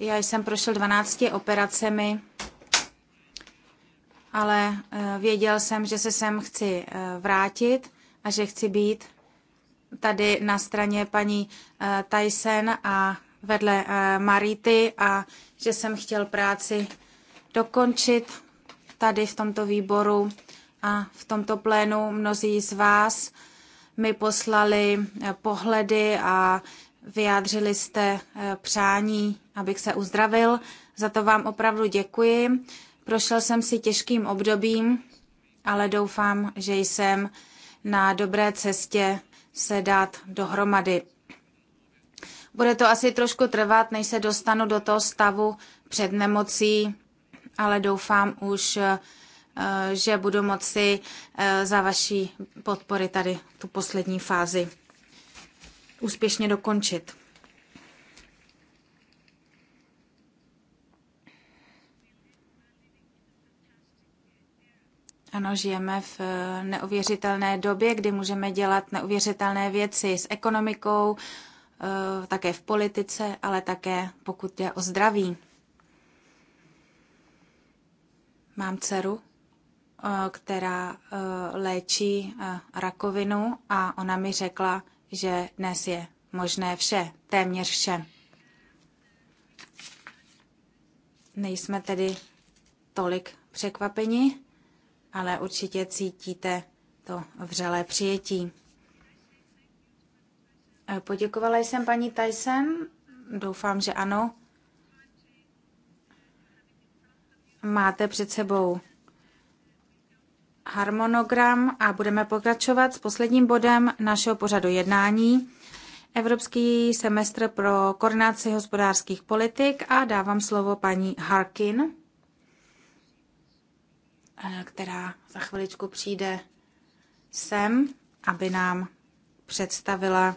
Já jsem prošel 12 operacemi, ale eh, věděl jsem, že se sem chci vrátit a že chci být tady na straně paní Tyson a vedle Marity a že jsem chtěl práci dokončit tady v tomto výboru a v tomto plénu mnozí z vás mi poslali eh, pohledy a vyjádřili jste eh, přání, abych se uzdravil. Za to vám opravdu děkuji. Prošel jsem si těžkým obdobím, ale doufám, že jsem na dobré cestě se dát dohromady. Bude to asi trošku trvat, než se dostanu do toho stavu před nemocí, ale doufám už eh, Eh, že budu moci eh, za vaší podpory tady tu poslední fázi úspěšně dokončit. Ano, žijeme v eh, neuvěřitelné době, kdy můžeme dělat neuvěřitelné věci s ekonomikou, také v politice, ale také pokud je o zdraví. Mám dceru, Eh, která eh, léčí eh, rakovinu a ona mi řekla, že dnes je možné vše, téměř vše. Nejsme tedy tolik překvapeni, ale určitě cítíte to vřelé přijetí. Poděkovala jsem paní Tyson, doufám, že ano. Máte před sebou harmonogram a budeme pokračovat s posledním bodem našeho pořadu jednání. Evropský semestr pro koordinaci hospodářských politik a dávám slovo paní Harkin, která za chviličku přijde sem, aby nám představila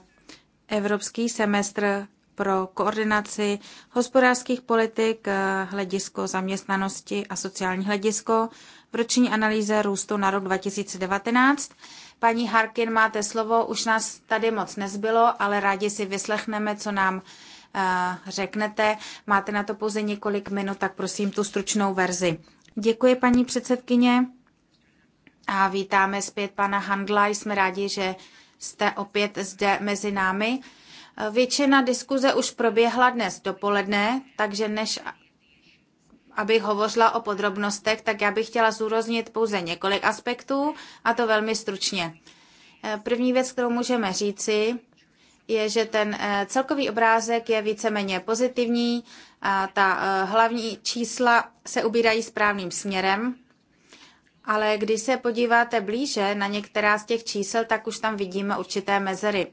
Evropský semestr pro koordinaci hospodářských politik, hledisko zaměstnanosti a sociální hledisko roční analýze růstu na rok 2019. Paní Harkin, máte slovo, už nás tady moc nezbylo, ale rádi si vyslechneme, co nám eh, řeknete. Máte na to pouze několik minut, tak prosím tu stručnou verzi. Děkuji, paní předsedkyně. A vítáme zpět pana Handla. Jsme rádi, že jste opět zde mezi námi. Většina diskuze už proběhla dnes dopoledne, takže než abych hovořila o podrobnostech, tak já bych chtěla zúroznit pouze několik aspektů a to velmi stručně. E, první věc, kterou můžeme říci, je, že ten e, celkový obrázek je víceméně pozitivní a ta e, hlavní čísla se ubírají správným směrem. Ale když se podíváte blíže na některá z těch čísel, tak už tam vidíme určité mezery.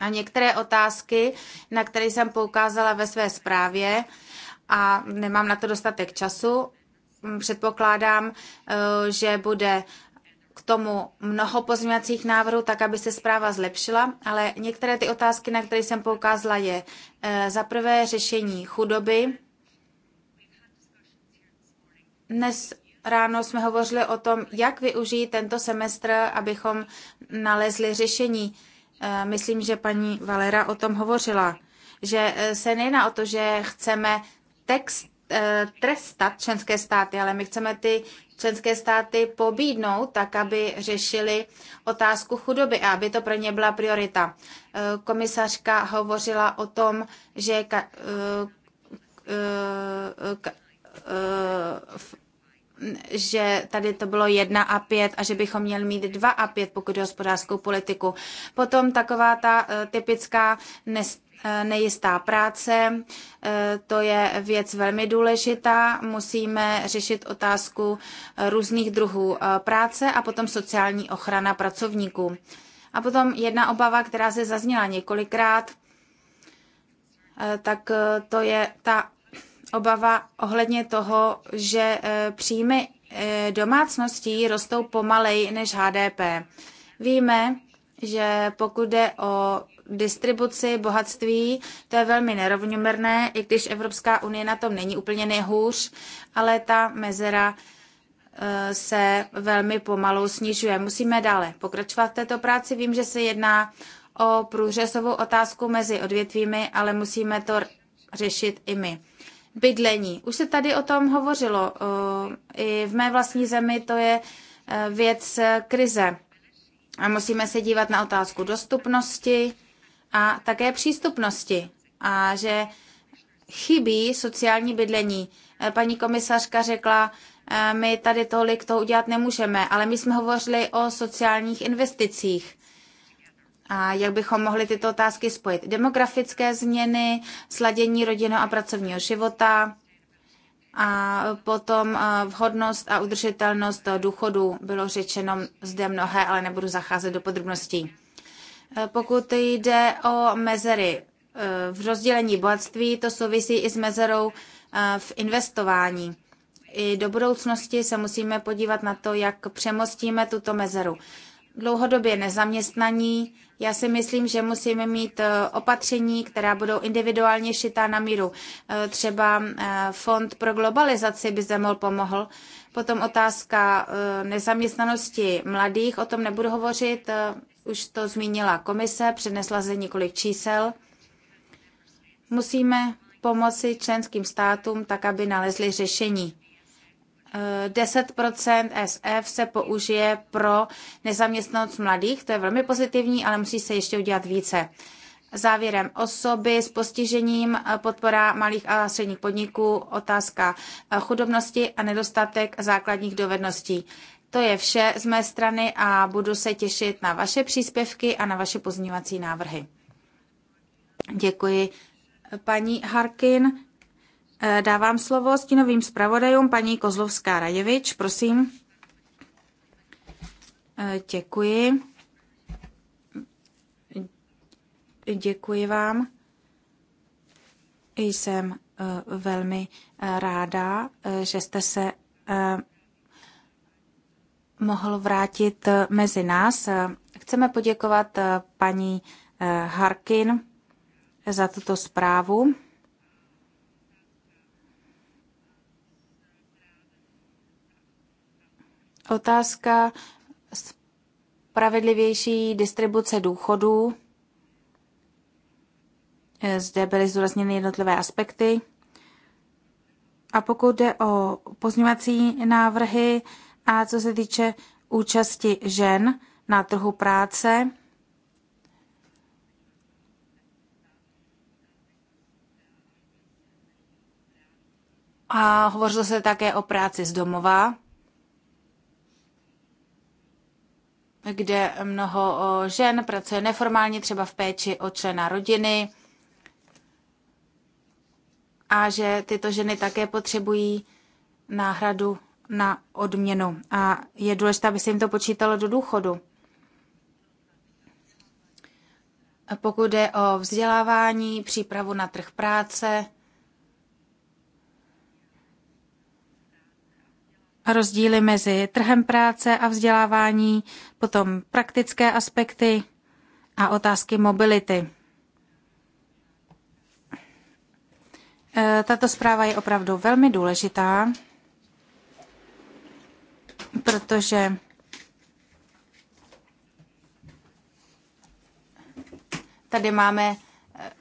A některé otázky, na které jsem poukázala ve své zprávě, a nemám na to dostatek času. Mm, předpokládám, eh, že bude k tomu mnoho pozměňovacích návrhů, tak aby se zpráva zlepšila, ale některé ty otázky, na které jsem poukázala, je eh, za prvé řešení chudoby. Dnes ráno jsme hovořili o tom, jak využít tento semestr, abychom nalezli řešení. Eh, myslím, že paní Valera o tom hovořila, že se nejedná o to, že chceme text, eh, trestat členské státy, ale my chceme ty členské státy pobídnout tak, aby řešili otázku chudoby a aby to pro ně byla priorita. Eh, komisařka hovořila o tom, že ka, eh, ka, že tady to bylo 1 a 5 a že bychom měli mít 2 a 5, pokud je hospodářskou politiku. Potom taková ta typická nest nejistá práce, e, to je věc velmi důležitá. Musíme řešit otázku různých druhů e, práce a potom sociální ochrana pracovníků. A potom jedna obava, která se zazněla několikrát, e, tak to je ta obava ohledně toho, že příjmy domácností rostou pomaleji než HDP. Víme, že pokud jde o distribuci bohatství, to je velmi nerovnoměrné, i když Evropská unie na tom není úplně nejhůř, ale ta mezera eh, se velmi pomalu snižuje. Musíme dále pokračovat v této práci. Vím, že se jedná o průřezovou otázku mezi odvětvími, ale musíme to řešit i my. Bydlení. Už se tady o tom hovořilo. Eh, I v mé vlastní zemi to je eh, věc krize. A musíme se dívat na otázku dostupnosti, a také přístupnosti a že chybí sociální bydlení. Eh, paní komisařka řekla, eh, my tady tolik to udělat nemůžeme, ale my jsme hovořili o sociálních investicích. A jak bychom mohli tyto otázky spojit? Demografické změny, sladění rodinného a pracovního života a potom eh, vhodnost a udržitelnost důchodu. Bylo řečeno zde mnohé, ale nebudu zacházet do podrobností. Eh, pokud jde o mezery eh, v rozdělení bohatství, to souvisí i s mezerou eh, v investování. I do budoucnosti se musíme podívat na to, jak přemostíme tuto mezeru. Dlouhodobě nezaměstnaní, já si myslím, že musíme mít opatření, která budou individuálně šitá na míru. Třeba fond pro globalizaci by zde mohl pomohl. Potom otázka nezaměstnanosti mladých, o tom nebudu hovořit, už to zmínila komise, přinesla ze několik čísel. Musíme pomoci členským státům tak, aby nalezli řešení. 10 eh, SF se použije pro nezaměstnanost mladých, to je velmi pozitivní, ale musí se ještě udělat více. Závěrem osoby s postižením, eh, podpora malých a středních podniků, otázka eh, chudobnosti a nedostatek základních dovedností. To je vše z mé strany a budu se těšit na vaše příspěvky a na vaše pozměňovací návrhy. Děkuji. Paní Harkin, eh, dávám slovo stínovým zpravodajům. Paní Kozlovská Rajevič, prosím. Eh, děkuji. Děkuji vám. Jsem eh, velmi ráda, že jste se mohl vrátit eh, mezi nás. Chceme poděkovat eh, paní eh, Harkin za tuto zprávu. Otázka spravedlivější distribuce důchodů. Zde byly zdůrazněny jednotlivé aspekty. A pokud jde o pozměňovací návrhy, a co se týče účasti žen na trhu práce, A hovořilo se také o práci z domova, kde mnoho žen pracuje neformálně, třeba v péči o člena rodiny. A že tyto ženy také potřebují náhradu na odměnu a je důležité, aby se jim to počítalo do důchodu. Pokud jde o vzdělávání, přípravu na trh práce, rozdíly mezi trhem práce a vzdělávání, potom praktické aspekty a otázky mobility. E, tato zpráva je opravdu velmi důležitá protože tady máme eh,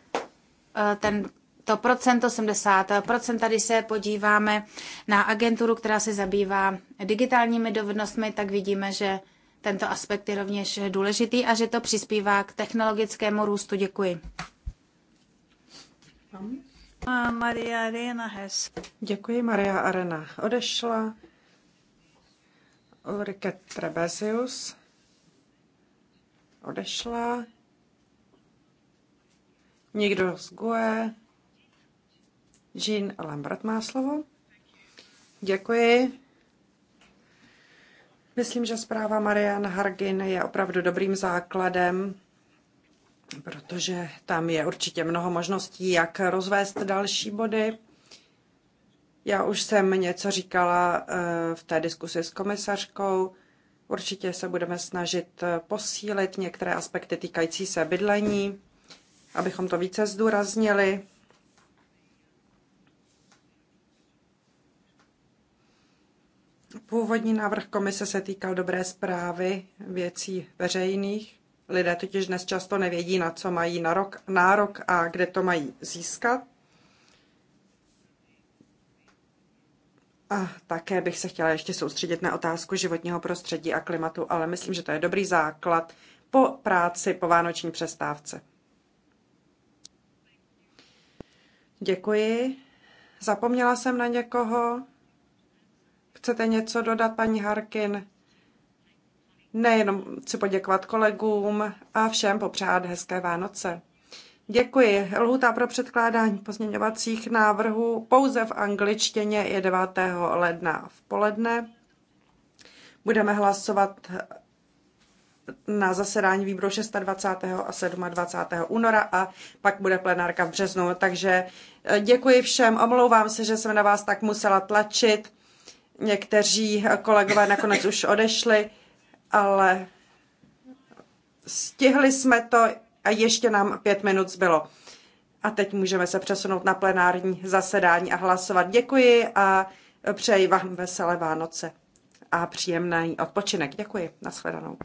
eh, ten to procento, 80%. Tady se podíváme na agenturu, která se zabývá digitálními dovednostmi, tak vidíme, že tento aspekt je rovněž důležitý a že to přispívá k technologickému růstu. Děkuji. Maria Arena Hes. Děkuji, Maria Arena odešla. Ulrike Trebesius odešla. Někdo z GUE. Jean Lambert má slovo. Děkuji. Myslím, že zpráva Marian Hargin je opravdu dobrým základem, protože tam je určitě mnoho možností, jak rozvést další body. Já už jsem něco říkala eh, v té diskusi s komisařkou. Určitě se budeme snažit eh, posílit některé aspekty týkající se bydlení, abychom to více zdůraznili. Původní návrh komise se týkal dobré zprávy věcí veřejných. Lidé totiž dnes často nevědí, na co mají nárok, nárok a kde to mají získat. A také bych se chtěla ještě soustředit na otázku životního prostředí a klimatu, ale myslím, že to je dobrý základ po práci, po vánoční přestávce. Děkuji. Zapomněla jsem na někoho. Chcete něco dodat, paní Harkin? Nejenom chci poděkovat kolegům a všem popřát hezké Vánoce. Děkuji. Lhuta pro předkládání pozměňovacích návrhů pouze v angličtině je 9. ledna v poledne. Budeme hlasovat na zasedání výboru 26. a 27. února a pak bude plenárka v březnu. Takže eh, děkuji všem, omlouvám se, že jsem na vás tak musela tlačit. Někteří eh, kolegové nakonec už odešli, ale stihli jsme to a ještě nám pět minut zbylo. A teď můžeme se přesunout na plenární zasedání a hlasovat. Děkuji a přeji vám veselé Vánoce a příjemný odpočinek. Děkuji. Naschledanou.